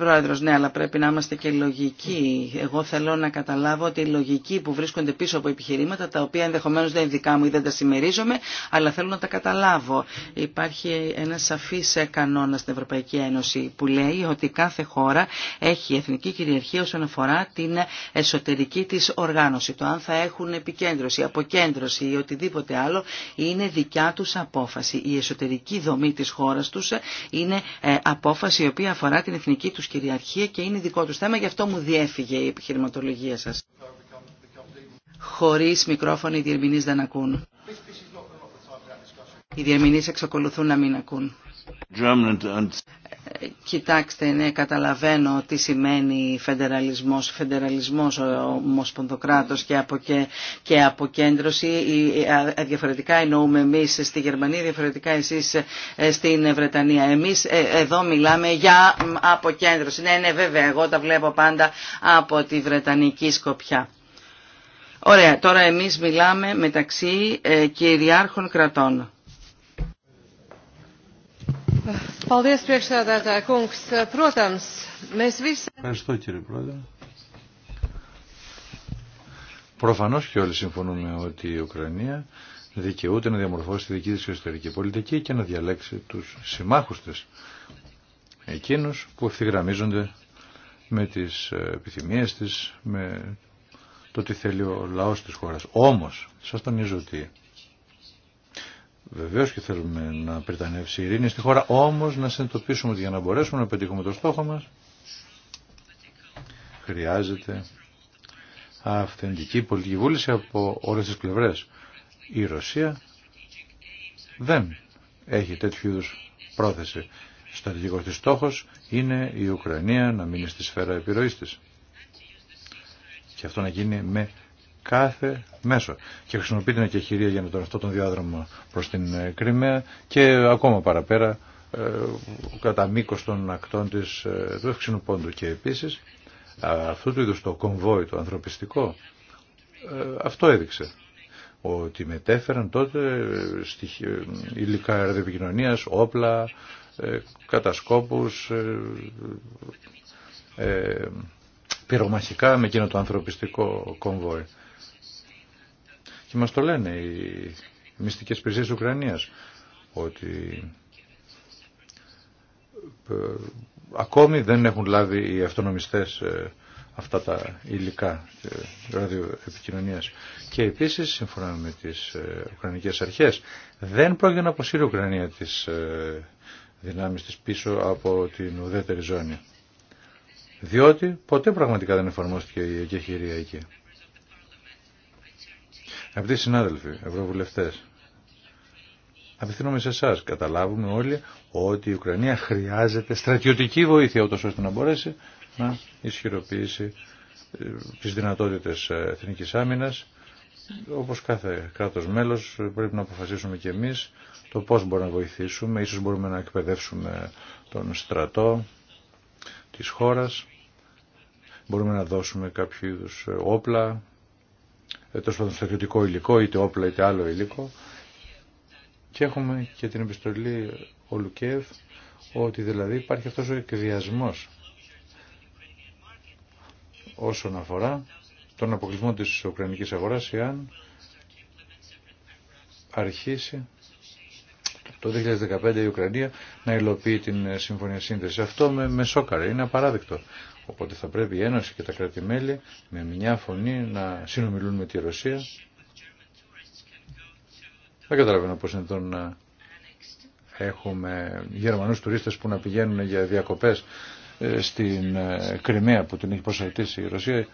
Πρόεδρος, ναι, αλλά πρέπει να είμαστε και λογικοί. Εγώ θέλω να καταλάβω οι λογικοί που βρίσκονται πίσω από επιχειρήματα, τα οποία ενδεχομένως δεν είναι δικά μου ή δεν τα συμμερίζομαι, αλλά θέλω να τα καταλάβω. Υπάρχει ένα σαφής κανόνα στην Ευρωπαϊκή Ένωση που λέει ότι κάθε χώρα έχει εθνική κυριαρχία όσον αφορά την εσωτερική της οργάνωση. Το αν θα έχουν επικέντρωση, αποκέντρωση ή οτιδήποτε άλλο είναι δικιά τους απόφαση. Η εσωτερική δομή της χώρας τους είναι ε, απόφαση η οποία αφορά την εθνική τους κυριαρχία και είναι δικό του θέμα, γι' αυτό μου διέφυγε η επιχειρηματολογία σας. Χωρί μικρόφωνο οι διερμηνείς δεν ακούν. Οι διερμηνείς εξακολουθούν να μην ακούν. Κοιτάξτε, ναι, καταλαβαίνω τι σημαίνει φεντεραλισμός, φεντεραλισμός ομοσπονδοκράτος και, από και, και αποκέντρωση. Διαφορετικά εννοούμε εμείς στη Γερμανία, διαφορετικά εσείς ε, στην Βρετανία. Εμείς ε, εδώ μιλάμε για αποκέντρωση. Ναι, ναι, βέβαια, εγώ τα βλέπω πάντα από τη Βρετανική σκοπιά. Ωραία, τώρα εμείς μιλάμε μεταξύ ε, κυριάρχων κρατών. Ευχαριστώ κύριε Πρόεδρε. Προφανώς και όλοι συμφωνούμε ότι η Ουκρανία δικαιούται να διαμορφώσει τη δική της ιστορική πολιτική και να διαλέξει τους συμμάχους της, εκείνους που ευθυγραμμίζονται με τις επιθυμίες της, με το τι θέλει ο λαός της χώρας. Όμως, σας τονίζω ότι Βεβαίω και θέλουμε να πριτανεύσει η ειρήνη στη χώρα, όμω να συνειδητοποιήσουμε ότι για να μπορέσουμε να πετύχουμε το στόχο μα χρειάζεται αυθεντική πολιτική βούληση από όλε τι πλευρέ. Η Ρωσία δεν έχει τέτοιου είδου πρόθεση. Στρατηγικό τη στόχο είναι η Ουκρανία να μείνει στη σφαίρα επιρροή τη. Και αυτό να γίνει με κάθε μέσο. Και χρησιμοποιεί και χειρία για τον αυτό τον διάδρομο προς την ε, Κρυμαία και ακόμα παραπέρα ε, κατά μήκο των ακτών της, ε, του Ευξηνού Πόντου. Και επίσης αυτού του είδους το κομβόι, το ανθρωπιστικό, αυτό έδειξε ότι μετέφεραν τότε υλικά ραδιοπικοινωνίας, όπλα, κατασκόπους, πυρομαχικά με εκείνο το ανθρωπιστικό κομβόι. Και μας το λένε οι μυστικές υπηρεσίες της Ουκρανίας ότι ε, ακόμη δεν έχουν λάβει οι αυτονομιστές ε, αυτά τα υλικά ε, ραδιοεπικοινωνίας. Και επίσης, σύμφωνα με τις Ουκρανικές αρχές, δεν πρόκειται να αποσύρει η Ουκρανία τις δυνάμεις της πίσω από την ουδέτερη ζώνη. Διότι ποτέ πραγματικά δεν εφαρμόστηκε η εγκεχηρία εκεί οι συνάδελφοι, ευρωβουλευτές, απευθύνομαι σε εσά. Καταλάβουμε όλοι ότι η Ουκρανία χρειάζεται στρατιωτική βοήθεια ούτω ώστε να μπορέσει να ισχυροποιήσει ε, τις δυνατότητες ε, εθνική άμυνα. Όπως κάθε κράτο μέλος ε, πρέπει να αποφασίσουμε κι εμείς το πώς μπορούμε να βοηθήσουμε. Ίσως μπορούμε να εκπαιδεύσουμε τον στρατό της χώρας. Μπορούμε να δώσουμε κάποιο είδου όπλα, ε, τόσο πάντων στρατιωτικό υλικό, είτε όπλα είτε άλλο υλικό. Και έχουμε και την επιστολή ολουκέφ ότι δηλαδή υπάρχει αυτός ο εκδιασμός όσον αφορά τον αποκλεισμό της Ουκρανικής αγοράς εάν αρχίσει το 2015 η Ουκρανία να υλοποιεί την Συμφωνία Σύνδεση. Αυτό με, με είναι απαράδεκτο. Οπότε θα πρέπει η Ένωση και τα κράτη-μέλη με μια φωνή να συνομιλούν με τη Ρωσία. Δεν καταλαβαίνω πώς είναι το να έχουμε Γερμανούς τουρίστες που να πηγαίνουν για διακοπές ε, στην ε, Κρυμαία που την έχει προσαρτήσει η Ρωσία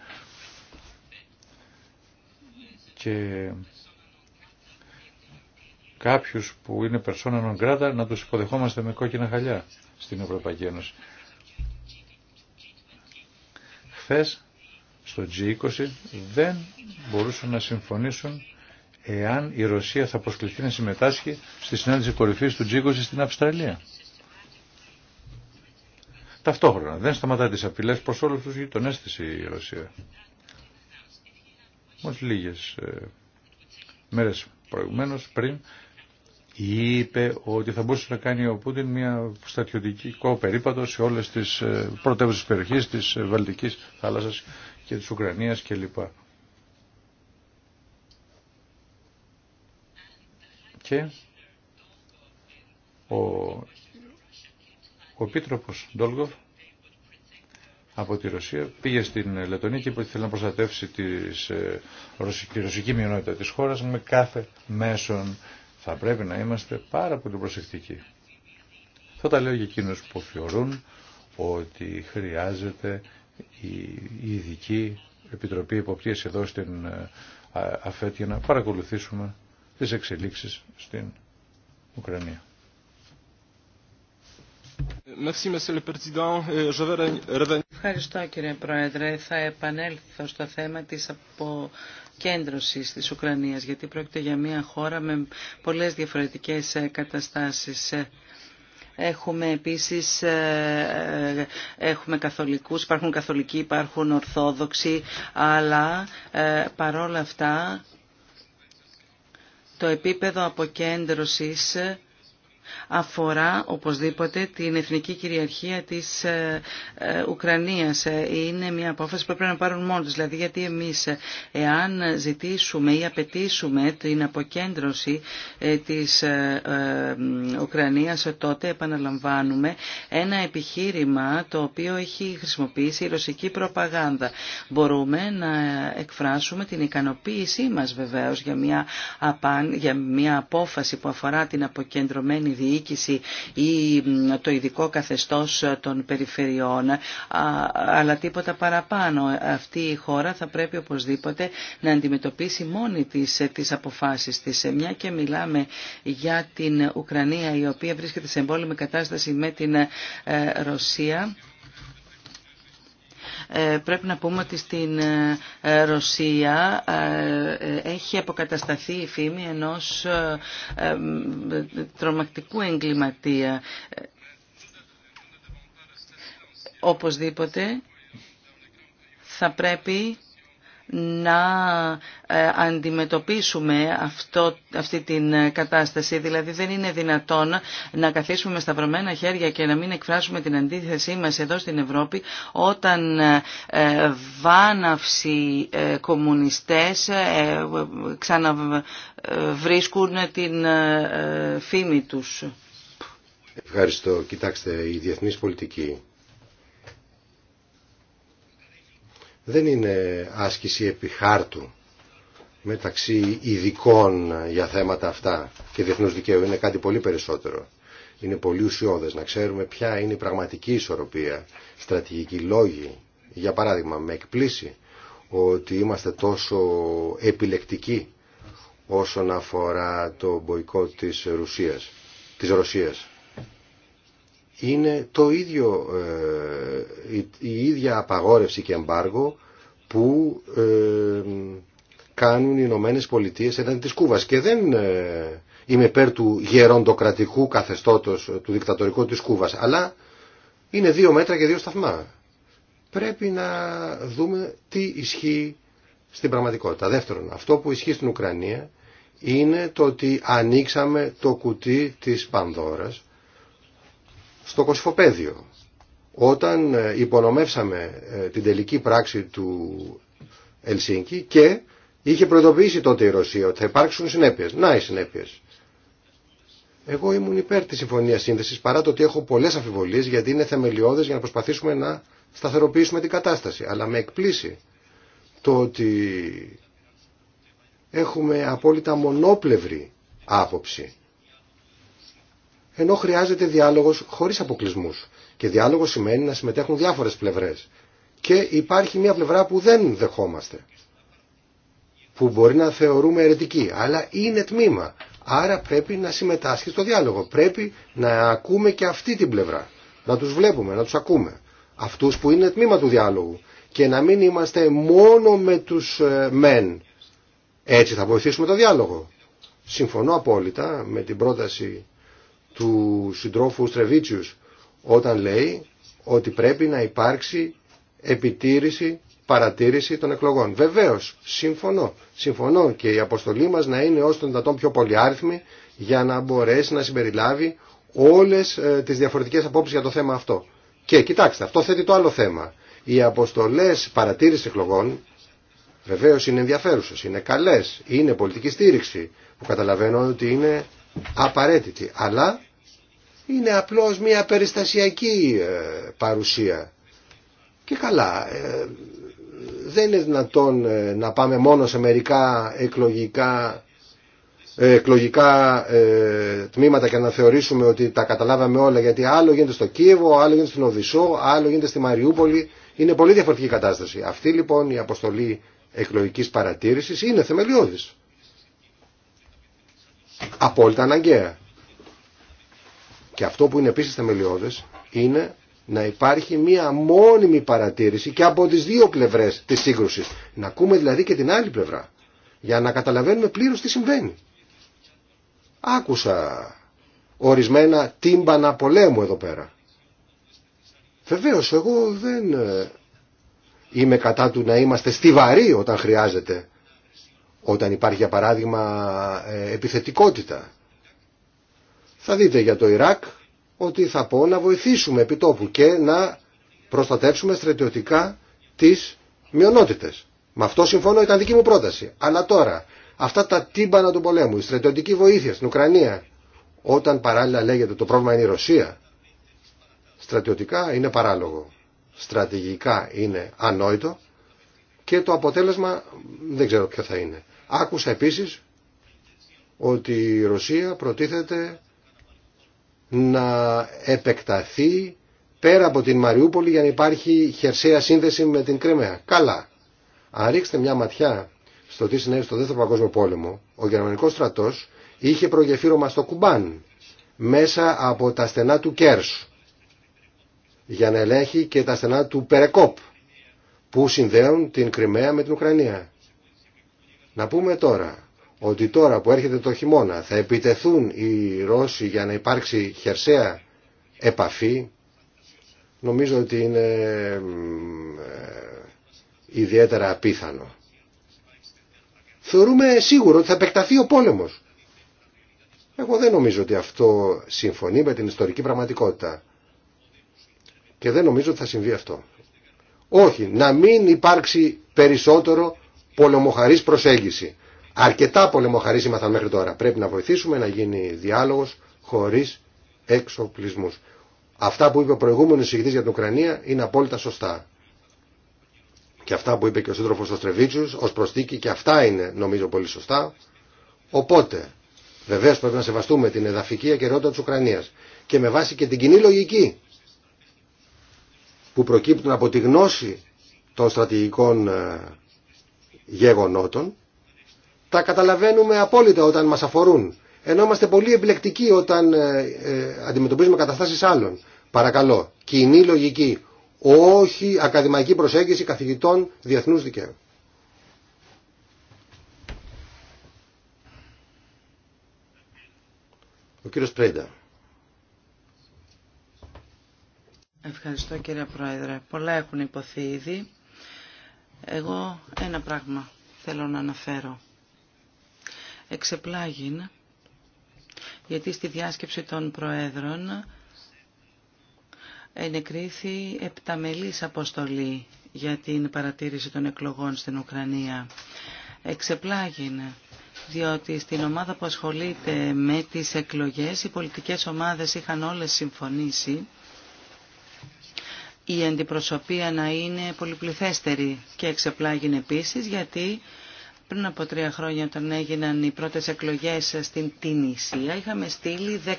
και κάποιους που είναι περσόνανον non να τους υποδεχόμαστε με κόκκινα χαλιά στην Ευρωπαϊκή Ένωση χθες στο G20 δεν μπορούσαν να συμφωνήσουν εάν η Ρωσία θα προσκληθεί να συμμετάσχει στη συνάντηση κορυφής του G20 στην Αυστραλία. Ταυτόχρονα δεν σταματά τις απειλές προς όλους τους γειτονές της η Ρωσία. Μόλις λίγες ε, μέρες προηγουμένως πριν είπε ότι θα μπορούσε να κάνει ο Πούτιν μια στατιωτική περίπατο σε όλες τις ε, πρωτεύουσες περιοχές της ε, Βαλτικής θάλασσας και της Ουκρανίας κλπ. Και ο, ο Πίτροπος Ντόλγοφ από τη Ρωσία πήγε στην Λετωνία και είπε να προστατεύσει ε, τη ρωσική, ρωσική μειονότητα της χώρας με κάθε μέσον θα πρέπει να είμαστε πάρα πολύ προσεκτικοί. Θα τα λέω για εκείνους που θεωρούν ότι χρειάζεται η ειδική Επιτροπή υποπτήρες εδώ στην ε, ΑΦΕΤ για να παρακολουθήσουμε τις εξελίξεις στην Ουκρανία. Euh, Ευχαριστώ κύριε Πρόεδρε. Θα επανέλθω στο θέμα της αποκέντρωσης της Ουκρανίας, γιατί πρόκειται για μια χώρα με πολλές διαφορετικές ε, καταστάσεις. Ε, έχουμε επίσης ε, έχουμε καθολικούς, υπάρχουν καθολικοί, υπάρχουν ορθόδοξοι, αλλά παρόλα αυτά το επίπεδο αποκέντρωσης αφορά οπωσδήποτε την εθνική κυριαρχία της ε, ε, Ουκρανίας. Ε, είναι μια απόφαση που πρέπει να πάρουν μόνοι τους. Δηλαδή γιατί εμείς εάν ζητήσουμε ή απαιτήσουμε την αποκέντρωση της Ουκρανίας τότε επαναλαμβάνουμε ένα επιχείρημα το οποίο έχει χρησιμοποιήσει η ρωσική προπαγάνδα. Μπορούμε να εκφράσουμε την ικανοποίησή μας βεβαίως για μια, για μια απόφαση που αφορά την αποκεντρωμένη διοίκηση ή το ειδικό καθεστώς των περιφερειών, αλλά τίποτα παραπάνω. Αυτή η χώρα θα πρέπει οπωσδήποτε να αντιμετωπίσει μόνη της ε, τις αποφάσεις της. Ε, μια και μιλάμε για την Ουκρανία η οποία βρίσκεται σε εμπόλεμη κατάσταση με την ε, Ρωσία ε, πρέπει να πούμε ότι στην ε, ε, Ρωσία έχει αποκατασταθεί η φήμη ενός τρομακτικού εγκληματία. Οπωσδήποτε θα πρέπει να ε, αντιμετωπίσουμε αυτό, αυτή την κατάσταση. Δηλαδή δεν είναι δυνατόν να καθίσουμε με σταυρωμένα χέρια και να μην εκφράσουμε την αντίθεσή μας εδώ στην Ευρώπη όταν ε, ε, βάναυση κομμουνιστές ξαναβρίσκουν την φήμη τους. Ευχαριστώ. Κοιτάξτε, η διεθνής πολιτική δεν είναι άσκηση επιχάρτου μεταξύ ειδικών για θέματα αυτά και διεθνούς δικαίου. Είναι κάτι πολύ περισσότερο. Είναι πολύ ουσιώδες να ξέρουμε ποια είναι η πραγματική ισορροπία, στρατηγική λόγη. Για παράδειγμα, με εκπλήσει ότι είμαστε τόσο επιλεκτικοί όσον αφορά το μποϊκό της Ρωσίας. Της Ρωσίας είναι το ίδιο, ε, η ίδια απαγόρευση και εμπάργο που ε, κάνουν οι Ηνωμένε Πολιτείες έναντι της Κούβας. Και δεν ε, είμαι υπέρ του γεροντοκρατικού καθεστώτος του δικτατορικού της Κούβας, αλλά είναι δύο μέτρα και δύο σταθμά. Πρέπει να δούμε τι ισχύει στην πραγματικότητα. Δεύτερον, αυτό που ισχύει στην Ουκρανία είναι το ότι ανοίξαμε το κουτί της Πανδώρας στο Κοσφοπέδιο. Όταν ε, υπονομεύσαμε ε, την τελική πράξη του Ελσίνκη και είχε προειδοποιήσει τότε η Ρωσία ότι θα υπάρξουν συνέπειες. Να οι συνέπειες. Εγώ ήμουν υπέρ τη συμφωνία σύνδεση παρά το ότι έχω πολλές αφιβολίες, γιατί είναι θεμελιώδε για να προσπαθήσουμε να σταθεροποιήσουμε την κατάσταση. Αλλά με εκπλήσει το ότι έχουμε απόλυτα μονόπλευρη άποψη ενώ χρειάζεται διάλογος χωρίς αποκλεισμού. Και διάλογο σημαίνει να συμμετέχουν διάφορες πλευρές. Και υπάρχει μια πλευρά που δεν δεχόμαστε, που μπορεί να θεωρούμε αιρετική, αλλά είναι τμήμα. Άρα πρέπει να συμμετάσχει στο διάλογο. Πρέπει να ακούμε και αυτή την πλευρά. Να τους βλέπουμε, να τους ακούμε. Αυτούς που είναι τμήμα του διάλογου. Και να μην είμαστε μόνο με τους ε, μεν. Έτσι θα βοηθήσουμε το διάλογο. Συμφωνώ απόλυτα με την πρόταση του συντρόφου Στρεβίτσιους όταν λέει ότι πρέπει να υπάρξει επιτήρηση, παρατήρηση των εκλογών. Βεβαίως, συμφωνώ. Συμφωνώ και η αποστολή μας να είναι ως τον δυνατόν πιο πολυάριθμη για να μπορέσει να συμπεριλάβει όλες ε, τις διαφορετικές απόψεις για το θέμα αυτό. Και κοιτάξτε, αυτό θέτει το άλλο θέμα. Οι αποστολές παρατήρησης εκλογών βεβαίως είναι ενδιαφέρουσες, είναι καλές, είναι πολιτική στήριξη που καταλαβαίνω ότι είναι απαραίτητη. Αλλά είναι απλώς μια περιστασιακή ε, παρουσία. Και καλά, ε, δεν είναι δυνατόν ε, να πάμε μόνο σε μερικά εκλογικά, εκλογικά τμήματα και να θεωρήσουμε ότι τα καταλάβαμε όλα γιατί άλλο γίνεται στο Κίεβο, άλλο γίνεται στην Οδυσσό, άλλο γίνεται στη Μαριούπολη. Είναι πολύ διαφορετική κατάσταση. Αυτή λοιπόν η αποστολή εκλογικής παρατήρησης είναι θεμελιώδης. Απόλυτα αναγκαία. Και αυτό που είναι επίσης θεμελιώδε είναι να υπάρχει μία μόνιμη παρατήρηση και από τις δύο πλευρές της σύγκρουσης. Να ακούμε δηλαδή και την άλλη πλευρά για να καταλαβαίνουμε πλήρως τι συμβαίνει. Άκουσα ορισμένα τύμπανα πολέμου εδώ πέρα. Βεβαίω, εγώ δεν ε, είμαι κατά του να είμαστε στιβαροί όταν χρειάζεται. Όταν υπάρχει για παράδειγμα ε, επιθετικότητα θα δείτε για το Ιράκ ότι θα πω να βοηθήσουμε επιτόπου και να προστατεύσουμε στρατιωτικά τις μειονότητες. Με αυτό συμφωνώ, ήταν δική μου πρόταση. Αλλά τώρα, αυτά τα τύμπανα του πολέμου, η στρατιωτική βοήθεια στην Ουκρανία, όταν παράλληλα λέγεται το πρόβλημα είναι η Ρωσία, στρατιωτικά είναι παράλογο. Στρατηγικά είναι ανόητο και το αποτέλεσμα δεν ξέρω ποιο θα είναι. Άκουσα επίσης ότι η Ρωσία προτίθεται να επεκταθεί πέρα από την Μαριούπολη για να υπάρχει χερσαία σύνδεση με την Κρυμαία. Καλά. Αν ρίξετε μια ματιά στο τι συνέβη στο Δεύτερο Παγκόσμιο Πόλεμο, ο γερμανικός στρατός είχε προγεφύρωμα στο Κουμπάν μέσα από τα στενά του Κέρσου για να ελέγχει και τα στενά του Περεκόπ που συνδέουν την Κρυμαία με την Ουκρανία. Να πούμε τώρα ότι τώρα που έρχεται το χειμώνα θα επιτεθούν οι Ρώσοι για να υπάρξει χερσαία επαφή νομίζω ότι είναι ε, ιδιαίτερα απίθανο. Θεωρούμε σίγουρο ότι θα επεκταθεί ο πόλεμος. Εγώ δεν νομίζω ότι αυτό συμφωνεί με την ιστορική πραγματικότητα. Και δεν νομίζω ότι θα συμβεί αυτό. Όχι, να μην υπάρξει περισσότερο πολεμοχαρής προσέγγιση αρκετά πολεμοχαρίσιμα θα μέχρι τώρα. Πρέπει να βοηθήσουμε να γίνει διάλογο χωρί εξοπλισμού. Αυτά που είπε ο προηγούμενο ηγητή για την Ουκρανία είναι απόλυτα σωστά. Και αυτά που είπε και ο σύντροφο ο Στρεβίτσιου ω προστίκη και αυτά είναι νομίζω πολύ σωστά. Οπότε, βεβαίω πρέπει να σεβαστούμε την εδαφική ακαιρεότητα τη Ουκρανία και με βάση και την κοινή λογική που προκύπτουν από τη γνώση των στρατηγικών ε, γεγονότων τα καταλαβαίνουμε απόλυτα όταν μας αφορούν. Ενώ είμαστε πολύ εμπλεκτικοί όταν ε, ε, αντιμετωπίζουμε καταστάσεις άλλων. Παρακαλώ, κοινή λογική, όχι ακαδημαϊκή προσέγγιση καθηγητών διεθνούς δικαίου. Ο κύριος Πρέντα. Ευχαριστώ κύριε Πρόεδρε. Πολλά έχουν υποθεί ήδη. Εγώ ένα πράγμα θέλω να αναφέρω εξεπλάγην γιατί στη διάσκεψη των Προέδρων ενεκρίθη επταμελής αποστολή για την παρατήρηση των εκλογών στην Ουκρανία. Εξεπλάγην διότι στην ομάδα που ασχολείται με τις εκλογές οι πολιτικές ομάδες είχαν όλες συμφωνήσει η αντιπροσωπεία να είναι πολυπληθέστερη και εξεπλάγην επίσης γιατί πριν από τρία χρόνια όταν έγιναν οι πρώτες εκλογές στην Τινησία είχαμε στείλει 15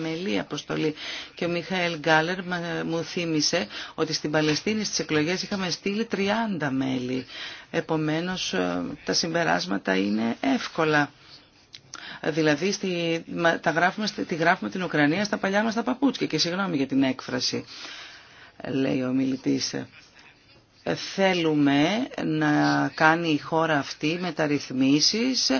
μελή αποστολή και ο Μιχαήλ Γκάλερ μου θύμισε ότι στην Παλαιστίνη στις εκλογές είχαμε στείλει 30 μέλη. Επομένως ε, τα συμπεράσματα είναι εύκολα. Δηλαδή τα γράφουμε, τη γράφουμε την Ουκρανία στα παλιά μας τα παπούτσια και συγγνώμη για την έκφραση λέει ο μιλητής θέλουμε να κάνει η χώρα αυτή μεταρρυθμίσεις.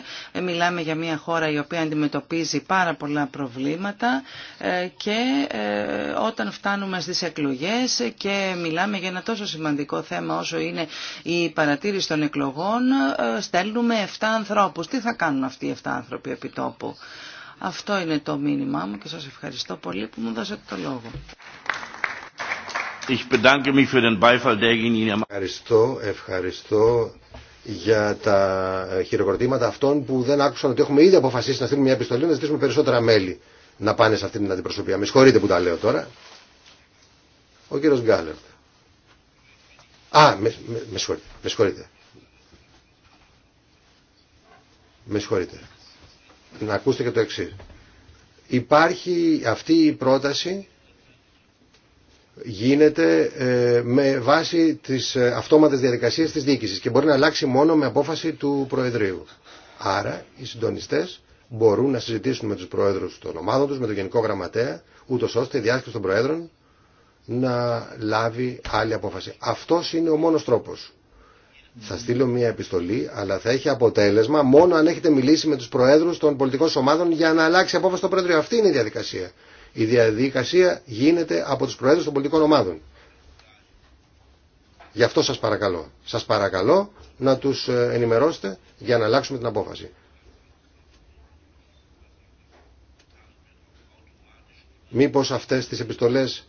Μιλάμε για μια χώρα η οποία αντιμετωπίζει πάρα πολλά προβλήματα ε, και ε, όταν φτάνουμε στις εκλογές και μιλάμε για ένα τόσο σημαντικό θέμα όσο είναι η παρατήρηση των εκλογών, ε, στέλνουμε 7 ανθρώπους. Τι θα κάνουν αυτοί οι 7 άνθρωποι επί τόπου. Αυτό είναι το μήνυμά μου και σας ευχαριστώ πολύ που μου δώσατε το λόγο. Ευχαριστώ, ευχαριστώ για τα ε, χειροκροτήματα αυτών που δεν άκουσαν ότι έχουμε ήδη αποφασίσει να στείλουμε μια επιστολή να ζητήσουμε περισσότερα μέλη να πάνε σε αυτή την αντιπροσωπεία. Με συγχωρείτε που τα λέω τώρα. Ο κύριος Γκάλερτ. Α, με, με, Με συγχωρείτε. Με συγχωρείτε. Να ακούστε και το εξή. Υπάρχει αυτή η πρόταση γίνεται ε, με βάση τις ε, αυτόματες διαδικασίες της διοίκησης και μπορεί να αλλάξει μόνο με απόφαση του Προεδρείου. Άρα οι συντονιστές μπορούν να συζητήσουν με τους Προέδρους των ομάδων τους, με τον Γενικό Γραμματέα, ούτω ώστε η διάσκεψη των Προέδρων να λάβει άλλη απόφαση. Αυτός είναι ο μόνος τρόπος. Θα στείλω μια επιστολή, αλλά θα έχει αποτέλεσμα μόνο αν έχετε μιλήσει με τους Προέδρους των πολιτικών ομάδων για να αλλάξει απόφαση το Προεδρείο. Αυτή είναι η διαδικασία. Η διαδικασία γίνεται από τους προέδρους των πολιτικών ομάδων. Γι' αυτό σας παρακαλώ. Σας παρακαλώ να τους ε, ενημερώσετε για να αλλάξουμε την απόφαση. Μήπως αυτές τις επιστολές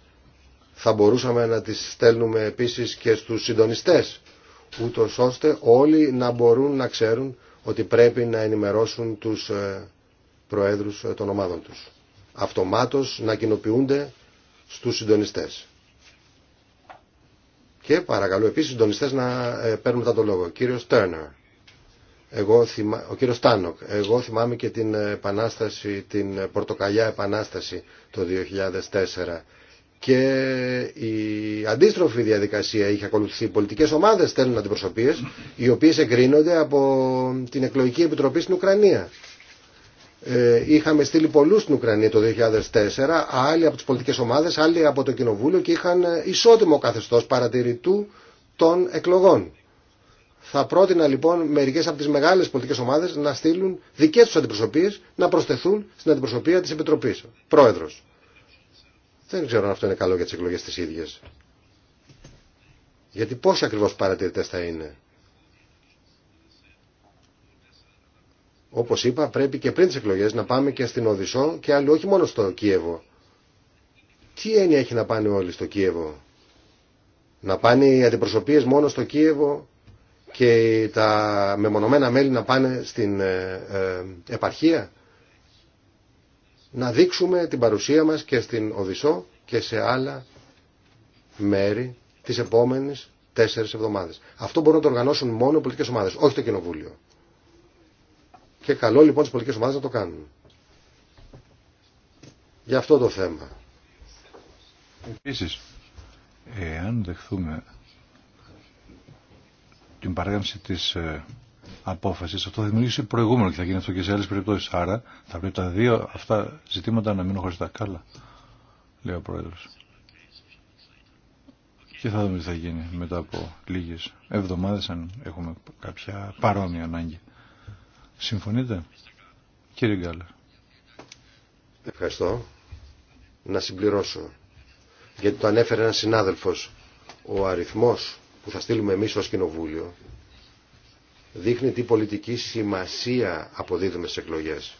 θα μπορούσαμε να τις στέλνουμε επίσης και στους συντονιστές, ούτως ώστε όλοι να μπορούν να ξέρουν ότι πρέπει να ενημερώσουν τους ε, προέδρους ε, των ομάδων τους αυτομάτως να κοινοποιούνται στους συντονιστές. Και παρακαλώ επίσης οι συντονιστές να ε, παίρνουν μετά το λόγο. Κύριος Τέρνερ, εγώ ο κύριος Τάνοκ, εγώ θυμάμαι και την επανάσταση, την πορτοκαλιά επανάσταση το 2004 και η αντίστροφη διαδικασία είχε ακολουθηθεί. Οι πολιτικές ομάδες στέλνουν αντιπροσωπείες οι οποίες εγκρίνονται από την εκλογική επιτροπή στην Ουκρανία. Ε, είχαμε στείλει πολλού στην Ουκρανία το 2004, άλλοι από τις πολιτικές ομάδες, άλλοι από το Κοινοβούλιο και είχαν ισότιμο καθεστώ παρατηρητού των εκλογών. Θα πρότεινα λοιπόν μερικές από τις μεγάλες πολιτικές ομάδες να στείλουν δικές τους αντιπροσωπείες να προσθεθούν στην αντιπροσωπεία τη Επιτροπή. Πρόεδρο. Δεν ξέρω αν αυτό είναι καλό για τι εκλογέ τι ίδιε. Γιατί πόσοι ακριβώ παρατηρητέ θα είναι. όπως είπα, πρέπει και πριν τι εκλογέ να πάμε και στην Οδυσσό και άλλοι όχι μόνο στο Κίεβο. Τι έννοια έχει να πάνε όλοι στο Κίεβο. Να πάνε οι αντιπροσωπείες μόνο στο Κίεβο και τα μεμονωμένα μέλη να πάνε στην ε, ε, επαρχία. Να δείξουμε την παρουσία μας και στην Οδυσσό και σε άλλα μέρη τις επόμενες τέσσερις εβδομάδες. Αυτό μπορούν να το οργανώσουν μόνο οι πολιτικές ομάδες, όχι το Κοινοβούλιο. Και καλό λοιπόν τις πολιτικές ομάδες να το κάνουν. Για αυτό το θέμα. Επίσης, εάν δεχθούμε την παρέμβαση της ε, απόφασης, αυτό θα δημιουργήσει προηγούμενο και θα γίνει αυτό και σε άλλες περιπτώσεις. Άρα θα πρέπει τα δύο αυτά ζητήματα να μείνουν τα Καλά, λέει ο Πρόεδρος. Και θα δούμε τι θα γίνει μετά από λίγες εβδομάδες αν έχουμε κάποια παρόμοια ανάγκη. Συμφωνείτε, κύριε Γκάλα. Ευχαριστώ. Να συμπληρώσω. Γιατί το ανέφερε ένας συνάδελφος. Ο αριθμός που θα στείλουμε εμείς ως κοινοβούλιο δείχνει τι πολιτική σημασία αποδίδουμε στις εκλογές.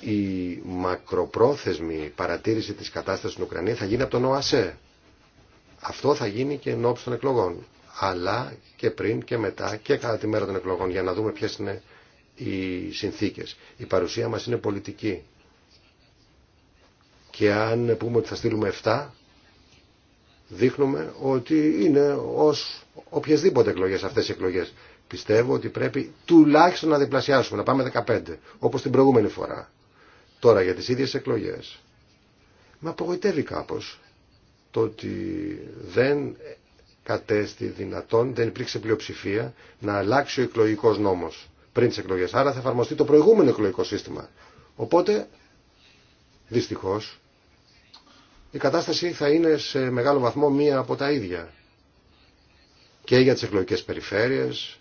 Η μακροπρόθεσμη παρατήρηση της κατάστασης στην Ουκρανία θα γίνει από τον ΟΑΣΕ. Αυτό θα γίνει και ενώπιση των εκλογών αλλά και πριν και μετά και κατά τη μέρα των εκλογών για να δούμε ποιες είναι οι συνθήκες. Η παρουσία μας είναι πολιτική. Και αν πούμε ότι θα στείλουμε 7, δείχνουμε ότι είναι ως οποιασδήποτε εκλογές αυτές οι εκλογές. Πιστεύω ότι πρέπει τουλάχιστον να διπλασιάσουμε, να πάμε 15, όπως την προηγούμενη φορά. Τώρα για τις ίδιες εκλογές. Με απογοητεύει κάπως το ότι δεν κατέστη δυνατόν, δεν υπήρξε πλειοψηφία, να αλλάξει ο εκλογικό νόμο πριν τι εκλογέ. Άρα θα εφαρμοστεί το προηγούμενο εκλογικό σύστημα. Οπότε, δυστυχώ, η κατάσταση θα είναι σε μεγάλο βαθμό μία από τα ίδια. Και για τι εκλογικέ περιφέρειες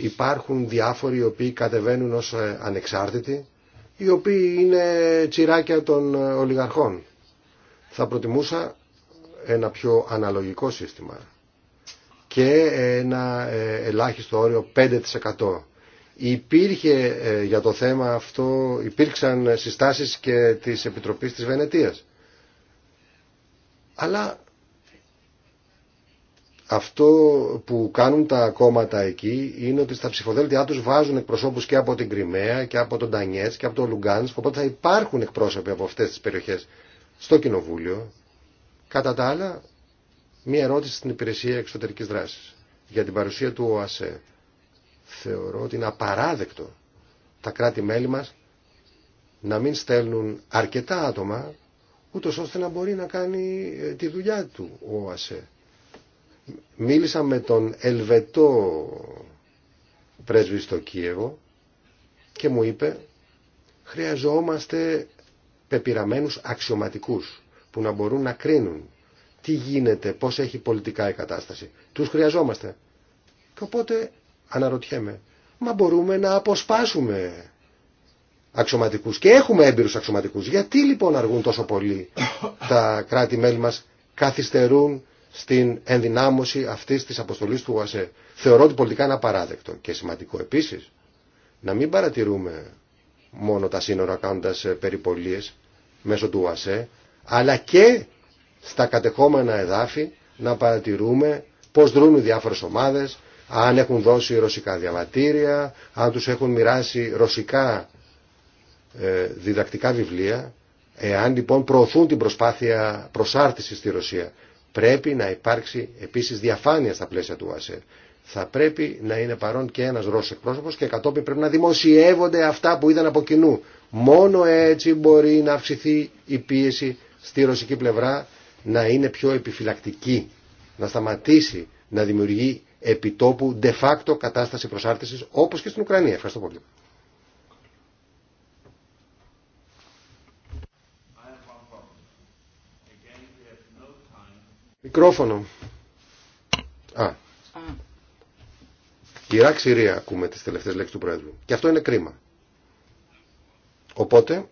υπάρχουν διάφοροι οι οποίοι κατεβαίνουν ως ε, ανεξάρτητοι, οι οποίοι είναι τσιράκια των ε, ολιγαρχών. Θα προτιμούσα ένα πιο αναλογικό σύστημα και ένα ε, ελάχιστο όριο 5%. Υπήρχε ε, για το θέμα αυτό, υπήρξαν συστάσεις και της Επιτροπής της Βενετίας. Αλλά αυτό που κάνουν τα κόμματα εκεί είναι ότι στα ψηφοδέλτια τους βάζουν εκπροσώπους και από την Κρυμαία και από τον Ντανιέτς και από τον Λουγκάνσκ οπότε θα υπάρχουν εκπρόσωποι από αυτές τις περιοχές στο Κοινοβούλιο Κατά τα άλλα, μία ερώτηση στην υπηρεσία εξωτερικής δράσης για την παρουσία του ΟΑΣΕ. Θεωρώ ότι είναι απαράδεκτο τα κράτη-μέλη μας να μην στέλνουν αρκετά άτομα ούτω ώστε να μπορεί να κάνει ε, τη δουλειά του ο ΟΑΣΕ. Μίλησα με τον Ελβετό πρέσβη στο Κίεβο και μου είπε χρειαζόμαστε πεπειραμένους αξιωματικούς που να μπορούν να κρίνουν τι γίνεται, πώς έχει πολιτικά η κατάσταση. Τους χρειαζόμαστε. Και οπότε αναρωτιέμαι, μα μπορούμε να αποσπάσουμε αξιωματικούς και έχουμε έμπειρους αξιωματικούς. Γιατί λοιπόν αργούν τόσο πολύ τα κράτη-μέλη μας καθυστερούν στην ενδυνάμωση αυτής της αποστολής του ΟΑΣΕ. Θεωρώ ότι πολιτικά είναι απαράδεκτο και σημαντικό επίσης να μην παρατηρούμε μόνο τα σύνορα κάνοντας ε, περιπολίες μέσω του ΟΑΣΕ, αλλά και στα κατεχόμενα εδάφη να παρατηρούμε πώς δρούν οι διάφορες ομάδες, αν έχουν δώσει ρωσικά διαβατήρια, αν τους έχουν μοιράσει ρωσικά ε, διδακτικά βιβλία, εάν λοιπόν προωθούν την προσπάθεια προσάρτησης στη Ρωσία. Πρέπει να υπάρξει επίσης διαφάνεια στα πλαίσια του ΟΑΣΕ. Θα πρέπει να είναι παρόν και ένας Ρώσος εκπρόσωπος και κατόπιν πρέπει να δημοσιεύονται αυτά που είδαν από κοινού. Μόνο έτσι μπορεί να αυξηθεί η πίεση στη ρωσική πλευρά να είναι πιο επιφυλακτική, να σταματήσει να δημιουργεί επιτόπου de facto κατάσταση προσάρτησης όπως και στην Ουκρανία. Ευχαριστώ πολύ. Μικρόφωνο. Α. Ιράκ ακούμε τις τελευταίες λέξεις του Πρόεδρου. Και αυτό είναι κρίμα. Οπότε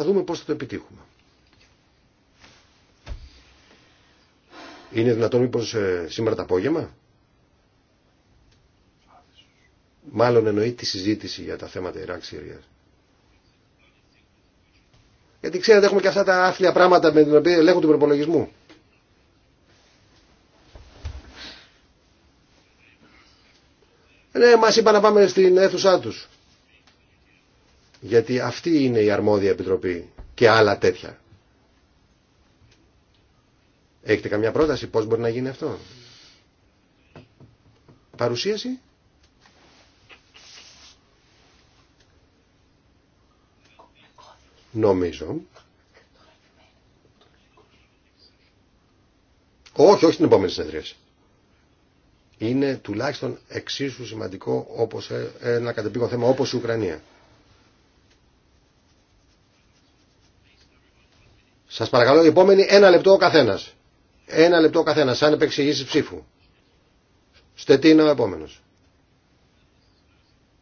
Θα δούμε πώς θα το επιτύχουμε. Είναι δυνατόν μήπως ε, σήμερα το απόγευμα. Μάλλον εννοεί τη συζήτηση για τα θέματα Ιράκ Συρίας. Γιατί ξέρετε έχουμε και αυτά τα άθλια πράγματα με την οποία ελέγχουν του προπολογισμού. Ε, ναι, μας είπαν να πάμε στην αίθουσά τους γιατί αυτή είναι η αρμόδια επιτροπή και άλλα τέτοια. Έχετε καμιά πρόταση πώς μπορεί να γίνει αυτό. Παρουσίαση. Νομίζω. Όχι, όχι την επόμενη συνεδρίαση. Είναι τουλάχιστον εξίσου σημαντικό όπως ε, ένα κατεπήγον θέμα όπως η Ουκρανία. Σας παρακαλώ, Η επόμενη ένα λεπτό ο καθένας. Ένα λεπτό ο καθένας, σαν επεξηγήσει ψήφου. Στετίνα ο επόμενος.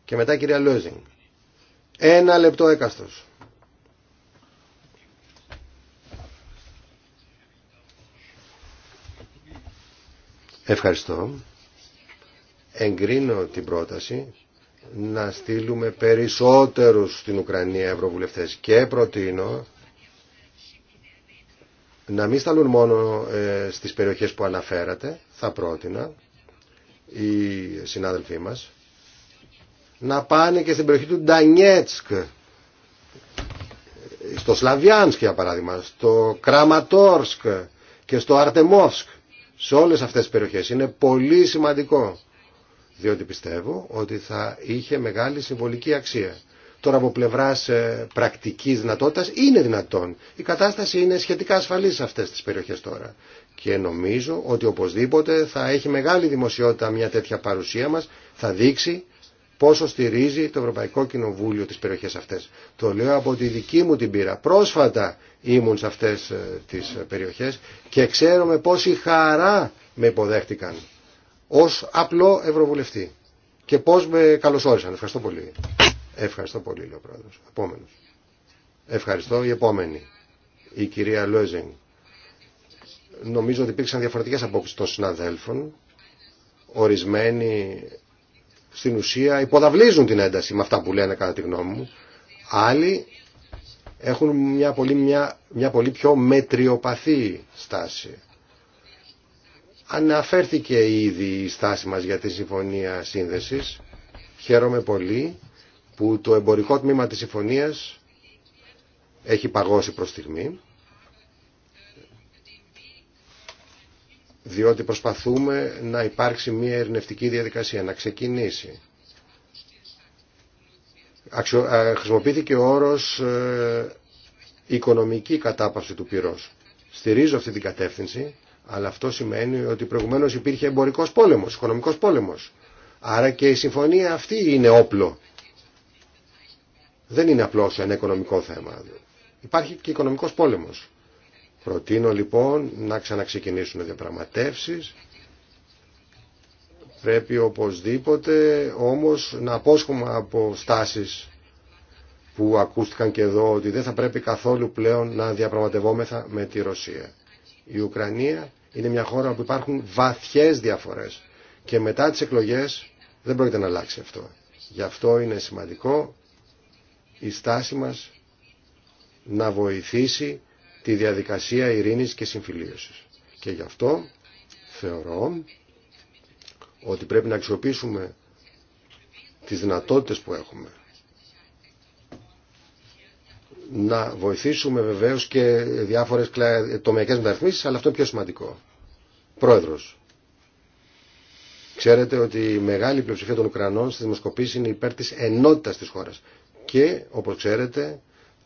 Και μετά η κυρία Λόζινγκ. Ένα λεπτό έκαστος. Ευχαριστώ. Εγκρίνω την πρόταση να στείλουμε περισσότερους στην Ουκρανία ευρωβουλευτές και προτείνω να μην σταλούν μόνο ε, στις περιοχές που αναφέρατε, θα πρότεινα οι συνάδελφοί μας να πάνε και στην περιοχή του Ντανιέτσκ στο Σλαβιάνσκ για παράδειγμα, στο Κραματόρσκ και στο Αρτεμόσκ. σε όλες αυτές τις περιοχές είναι πολύ σημαντικό διότι πιστεύω ότι θα είχε μεγάλη συμβολική αξία Τώρα από πλευρά ε, πρακτική δυνατότητα είναι δυνατόν. Η κατάσταση είναι σχετικά ασφαλή σε αυτέ τι περιοχέ τώρα. Και νομίζω ότι οπωσδήποτε θα έχει μεγάλη δημοσιότητα μια τέτοια παρουσία μα, θα δείξει πόσο στηρίζει το Ευρωπαϊκό Κοινοβούλιο τις περιοχές αυτές. Το λέω από τη δική μου την πείρα. Πρόσφατα ήμουν σε αυτές ε, τις περιοχέ, και ξέρω με πόση χαρά με υποδέχτηκαν ω απλό Ευρωβουλευτή και πώς με καλωσόρισαν. Ευχαριστώ πολύ. Ευχαριστώ πολύ, λέει ο Ευχαριστώ. Η επόμενη. Η κυρία Λόιζεν. Νομίζω ότι υπήρξαν διαφορετικές απόψει των συναδέλφων. Ορισμένοι στην ουσία υποδαβλίζουν την ένταση με αυτά που λένε κατά τη γνώμη μου. Άλλοι έχουν μια πολύ, μια, μια πολύ πιο μετριοπαθή στάση. Αναφέρθηκε ήδη η στάση μας για τη Συμφωνία Σύνδεσης. Χαίρομαι πολύ που το εμπορικό τμήμα της συμφωνίας έχει παγώσει προς στιγμή διότι προσπαθούμε να υπάρξει μια ερνευτική διαδικασία, να ξεκινήσει. Χρησιμοποιήθηκε ο όρος ε, οικονομική κατάπαυση του πυρός. Στηρίζω αυτή την κατεύθυνση, αλλά αυτό σημαίνει ότι προηγουμένως υπήρχε εμπορικός πόλεμος, οικονομικός πόλεμος. Άρα και η συμφωνία αυτή είναι όπλο δεν είναι απλώς ένα οικονομικό θέμα. Υπάρχει και οικονομικός πόλεμος. Προτείνω λοιπόν να ξαναξεκινήσουν διαπραγματεύσεις. Πρέπει οπωσδήποτε όμως να απόσχουμε από στάσεις που ακούστηκαν και εδώ ότι δεν θα πρέπει καθόλου πλέον να διαπραγματευόμεθα με τη Ρωσία. Η Ουκρανία είναι μια χώρα όπου υπάρχουν βαθιές διαφορές και μετά τις εκλογές δεν πρόκειται να αλλάξει αυτό. Γι' αυτό είναι σημαντικό η στάση μας να βοηθήσει τη διαδικασία ειρήνης και συμφιλίωσης. Και γι' αυτό θεωρώ ότι πρέπει να αξιοποιήσουμε τις δυνατότητες που έχουμε. Να βοηθήσουμε βεβαίως και διάφορες τομεακές μεταρρυθμίσεις, αλλά αυτό είναι πιο σημαντικό. Πρόεδρος, ξέρετε ότι η μεγάλη πλειοψηφία των Ουκρανών στη δημοσκοπήση είναι υπέρ της ενότητας της χώρας και όπως ξέρετε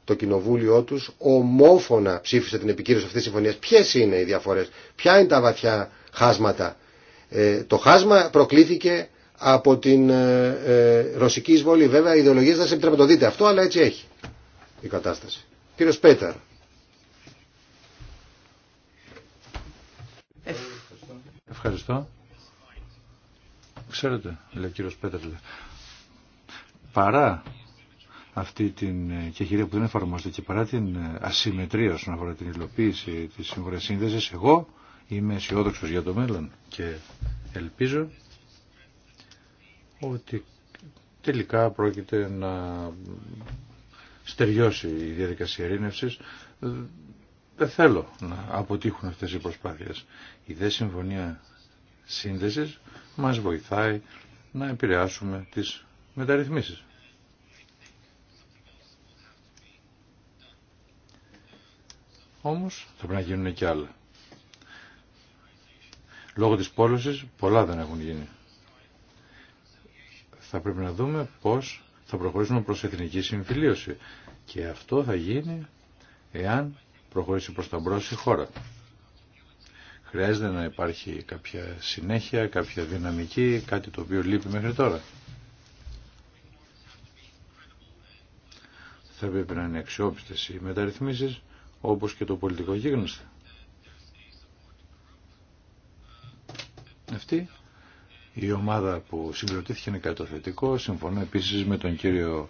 το κοινοβούλιο τους ομόφωνα ψήφισε την επικύρωση αυτής της συμφωνίας. Ποιες είναι οι διαφορές, ποια είναι τα βαθιά χάσματα. Ε, το χάσμα προκλήθηκε από την ε, ε, ρωσική εισβολή. Βέβαια, οι ιδεολογίε δεν σε επιτρέπουν να το δείτε αυτό, αλλά έτσι έχει η κατάσταση. Κύριο Πέταρ. Ευχαριστώ. Ξέρετε, λέει ο κύριος Πέτερ, παρά αυτή την κεχηρία που δεν εφαρμόζεται και παρά την ε, ασυμμετρία όσον αφορά την υλοποίηση της σύμφωνας Σύνδεσης, εγώ είμαι αισιόδοξο για το μέλλον και ελπίζω ότι τελικά πρόκειται να στεριώσει η διαδικασία ειρήνευσης. Ε, δεν θέλω να αποτύχουν αυτές οι προσπάθειες. Η δε συμφωνία σύνδεσης μας βοηθάει να επηρεάσουμε τις μεταρρυθμίσεις. Όμως θα πρέπει να γίνουν και άλλα. Λόγω της πόλωσης πολλά δεν έχουν γίνει. Θα πρέπει να δούμε πώς θα προχωρήσουμε προς εθνική συμφιλίωση. Και αυτό θα γίνει εάν προχωρήσει προς τα μπρος η χώρα. Χρειάζεται να υπάρχει κάποια συνέχεια, κάποια δυναμική, κάτι το οποίο λείπει μέχρι τώρα. Θα πρέπει να είναι αξιόπιστες οι μεταρρυθμίσεις όπως και το πολιτικό γίγνεσθε. Αυτή η ομάδα που συγκροτήθηκε είναι κάτι θετικό. Συμφωνώ επίσης με τον κύριο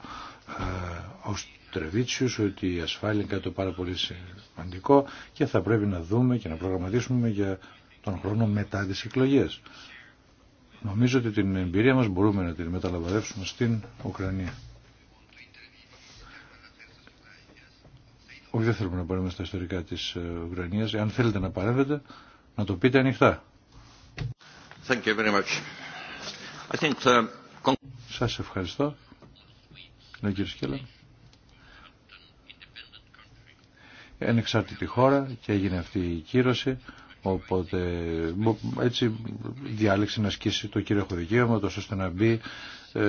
ε, Οστρεβίτσιους ότι η ασφάλεια είναι κάτι πάρα πολύ σημαντικό και θα πρέπει να δούμε και να προγραμματίσουμε για τον χρόνο μετά τις εκλογές. Νομίζω ότι την εμπειρία μας μπορούμε να την μεταλαμβαδεύσουμε στην Ουκρανία. Όχι, δεν θέλουμε να παρέμβουμε στα ιστορικά τη ε, Ουκρανία, Αν θέλετε να παρέμβετε, να το πείτε ανοιχτά. Thank uh, Σας ευχαριστώ. Λέω κύριε Σκέλα. χώρα και έγινε αυτή η κύρωση Οπότε έτσι διάλεξε να ασκήσει το κύριο δικαίωμα, τόσο ώστε να μπει, ε,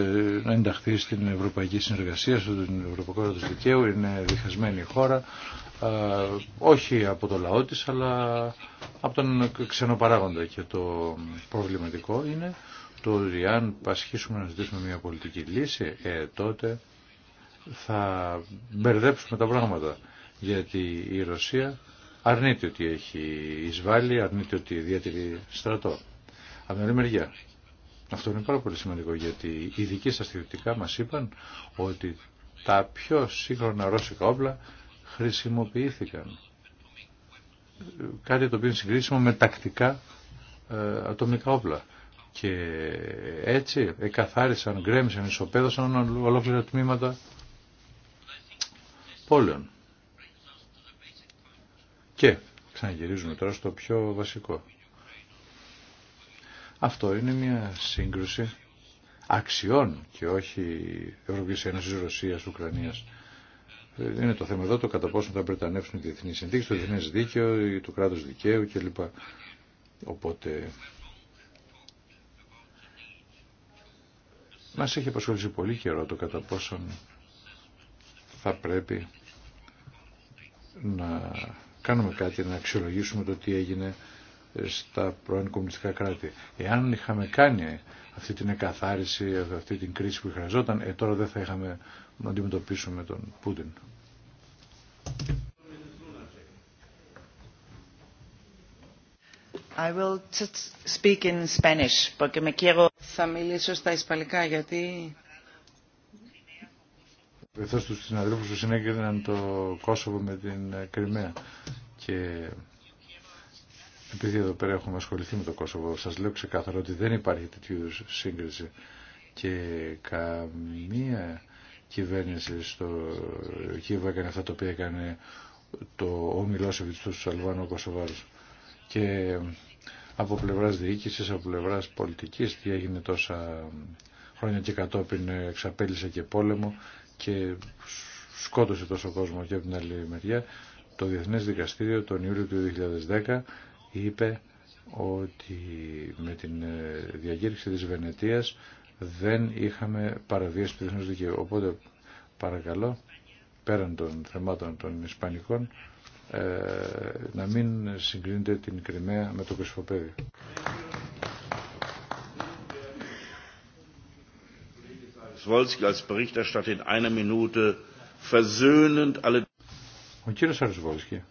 να ενταχθεί στην Ευρωπαϊκή Συνεργασία, στον Ευρωπαϊκό Κράτο Δικαίου. Είναι διχασμένη η χώρα, όχι από το λαό τη, αλλά από τον ξενοπαράγοντα. Και το προβληματικό είναι το ότι αν πασχίσουμε να ζητήσουμε μια πολιτική λύση, ε, τότε θα μπερδέψουμε τα πράγματα. Γιατί η Ρωσία αρνείται ότι έχει εισβάλλει, αρνείται ότι διατηρεί στρατό. Από την άλλη μεριά. Αυτό είναι πάρα πολύ σημαντικό γιατί οι ειδικοί στα στρατιωτικά μας είπαν ότι τα πιο σύγχρονα ρώσικα όπλα χρησιμοποιήθηκαν. Κάτι το οποίο είναι συγκρίσιμο με τακτικά ε, ατομικά όπλα. Και έτσι εκαθάρισαν, γκρέμισαν, ισοπαίδωσαν ολόκληρα τμήματα πόλεων. Και ξαναγυρίζουμε τώρα στο πιο βασικό. Αυτό είναι μια σύγκρουση αξιών και όχι Ευρωπαϊκής Ένωσης, Ρωσίας, Ουκρανίας. Είναι το θέμα εδώ το κατά πόσο θα πρετανεύσουν οι διεθνείς συνθήκες, το διεθνές δίκαιο, το κράτος δικαίου κλπ. Οπότε μας έχει απασχολήσει πολύ καιρό το κατά πόσον θα πρέπει να κάνουμε κάτι να αξιολογήσουμε το τι έγινε στα πρώην κομμουνιστικά κράτη. Εάν είχαμε κάνει αυτή την εκαθάριση, αυτή την κρίση που χρειαζόταν, ε, τώρα δεν θα είχαμε να αντιμετωπίσουμε τον Πούτιν. I will speak in Spanish, me quiero... Θα μιλήσω στα Ισπανικά γιατί Βοηθώ στους συναδέλφους που συνέγκριναν το Κόσοβο με την ε, Κρυμαία και επειδή εδώ πέρα έχουμε ασχοληθεί με το Κόσοβο, σας λέω ξεκάθαρα ότι δεν υπάρχει τέτοιου σύγκριση και καμία κυβέρνηση στο Κίεβο έκανε αυτά τα οποία έκανε το ομιλόσεβιτ του Αλβάνο Κοσοβάρους. Και από πλευρά διοίκηση, από πλευρά πολιτική τι έγινε τόσα χρόνια και κατόπιν εξαπέλυσε και πόλεμο και σκότωσε τόσο κόσμο και από την άλλη μεριά. Το Διεθνές Δικαστήριο τον Ιούλιο του 2010 είπε ότι με την ε, διακήρυξη της Βενετίας δεν είχαμε παραβίαση του διεθνούς δικαίου. Οπότε παρακαλώ, πέραν των θεμάτων των Ισπανικών, ε, να μην συγκρίνετε την Κρυμαία με το κρυσφοπέδιο als Berichterstatter in einer Ο κύριος Αρσβόλσκι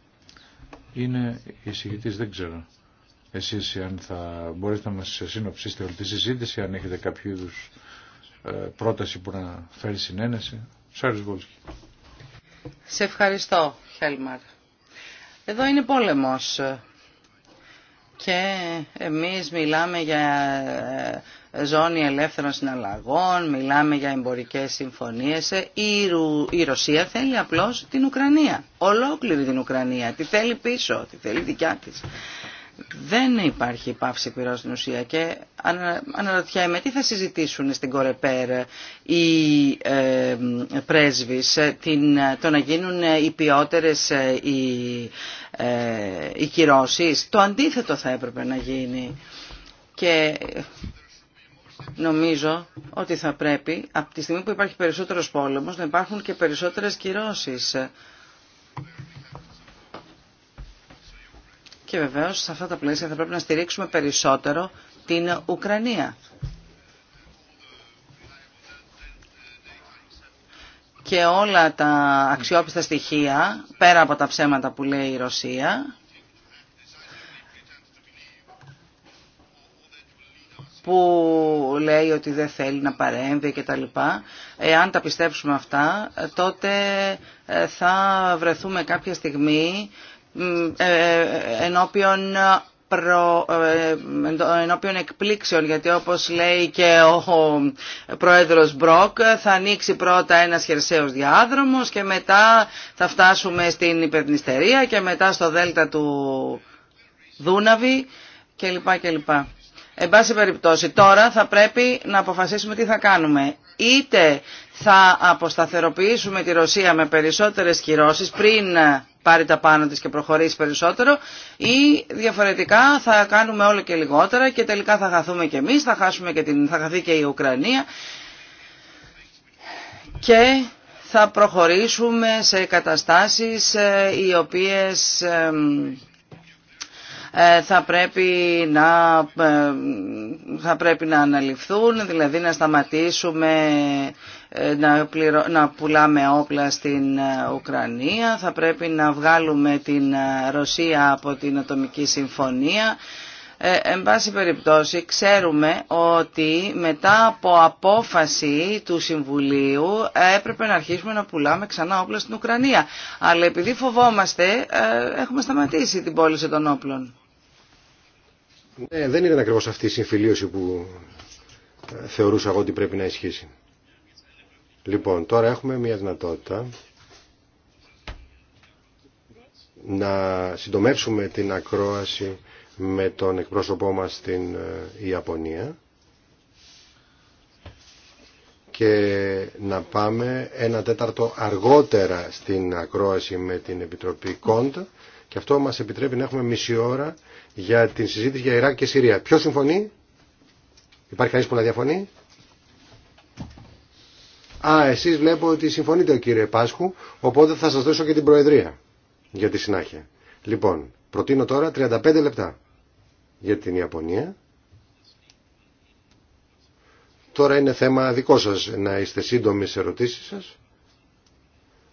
είναι εισηγητής, δεν ξέρω. Εσείς αν θα μπορείτε να μας συνοψίσετε όλη τη συζήτηση, αν έχετε κάποιο είδου ε, πρόταση που να φέρει συνένεση. Σάρις Σε ευχαριστώ, Χέλμαρ. Εδώ είναι πόλεμος και εμείς μιλάμε για ε, ζώνη ελεύθερων συναλλαγών, μιλάμε για εμπορικές συμφωνίες. Η, Ρου... Ρωσία θέλει απλώς την Ουκρανία, ολόκληρη την Ουκρανία, τη θέλει πίσω, τη θέλει δικιά της. Δεν υπάρχει πάυση πυρός στην ουσία και αναρωτιέμαι τι θα συζητήσουν στην Κορεπέρ οι ε, πρέσβεις, την, το να γίνουν οι ποιότερες ε, οι, ε, οι κυρώσεις. Το αντίθετο θα έπρεπε να γίνει. Και νομίζω ότι θα πρέπει από τη στιγμή που υπάρχει περισσότερος πόλεμος να υπάρχουν και περισσότερες κυρώσεις. Και βεβαίως σε αυτά τα πλαίσια θα πρέπει να στηρίξουμε περισσότερο την Ουκρανία. Και όλα τα αξιόπιστα στοιχεία, πέρα από τα ψέματα που λέει η Ρωσία, που λέει ότι δεν θέλει να παρέμβει και τα λοιπά. Εάν τα πιστέψουμε αυτά, τότε ε, θα βρεθούμε κάποια στιγμή ε, ε, ενώπιον προ, εκπλήξεων, γιατί όπως λέει και ο πρόεδρος Μπροκ, θα ανοίξει πρώτα ένας χερσαίος διάδρομος και μετά θα φτάσουμε στην υπερνηστερία και μετά στο δέλτα του Δούναβη και κλπ. Εν πάση περιπτώσει, τώρα θα πρέπει να αποφασίσουμε τι θα κάνουμε. Είτε θα αποσταθεροποιήσουμε τη Ρωσία με περισσότερες κυρώσεις πριν πάρει τα πάνω της και προχωρήσει περισσότερο ή διαφορετικά θα κάνουμε όλο και λιγότερα και τελικά θα χαθούμε και εμείς, θα, χάσουμε και την, θα χαθεί και η Ουκρανία και θα προχωρήσουμε σε καταστάσεις ε, οι οποίες ε, ε, θα πρέπει να, ε, θα πρέπει να αναλυφθούν, δηλαδή να σταματήσουμε ε, να, να πουλάμε όπλα στην Ουκρανία, θα πρέπει να βγάλουμε την Ρωσία από την Ατομική Συμφωνία. Ε, εν πάση περιπτώσει ξέρουμε ότι μετά από απόφαση του Συμβουλίου έπρεπε να αρχίσουμε να πουλάμε ξανά όπλα στην Ουκρανία. Αλλά επειδή φοβόμαστε έχουμε σταματήσει την πώληση των όπλων. Ναι, δεν ήταν ακριβώς αυτή η συμφιλίωση που ε, θεωρούσα εγώ ότι πρέπει να ισχύσει. Λοιπόν, τώρα έχουμε μια δυνατότητα να συντομεύσουμε την ακρόαση με τον εκπρόσωπό μας στην ε, Ιαπωνία και να πάμε ένα τέταρτο αργότερα στην ακρόαση με την Επιτροπή Κόντ και αυτό μας επιτρέπει να έχουμε μισή ώρα για την συζήτηση για Ιράκ και Συρία. Ποιο συμφωνεί? Υπάρχει κανεί που να διαφωνεί? Α, εσείς βλέπω ότι συμφωνείτε ο κύριε Πάσχου, οπότε θα σας δώσω και την Προεδρία για τη συνάχεια. Λοιπόν, προτείνω τώρα 35 λεπτά για την Ιαπωνία. Τώρα είναι θέμα δικό σας να είστε σύντομοι σε ερωτήσεις σας.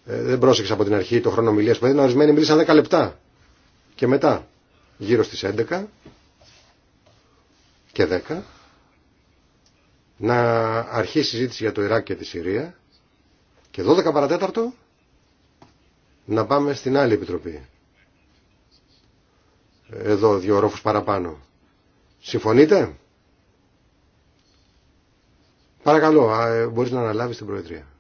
Ε, δεν πρόσεξα από την αρχή το χρόνο μιλίας που έδινα. Ορισμένοι μίλησαν 10 λεπτά και μετά γύρω στις 11 και 10 να αρχίσει η συζήτηση για το Ιράκ και τη Συρία και 12 παρατέταρτο να πάμε στην άλλη επιτροπή. Εδώ δύο ορόφους παραπάνω. Συμφωνείτε? Παρακαλώ, ε, μπορείς να αναλάβεις την Προεδρία.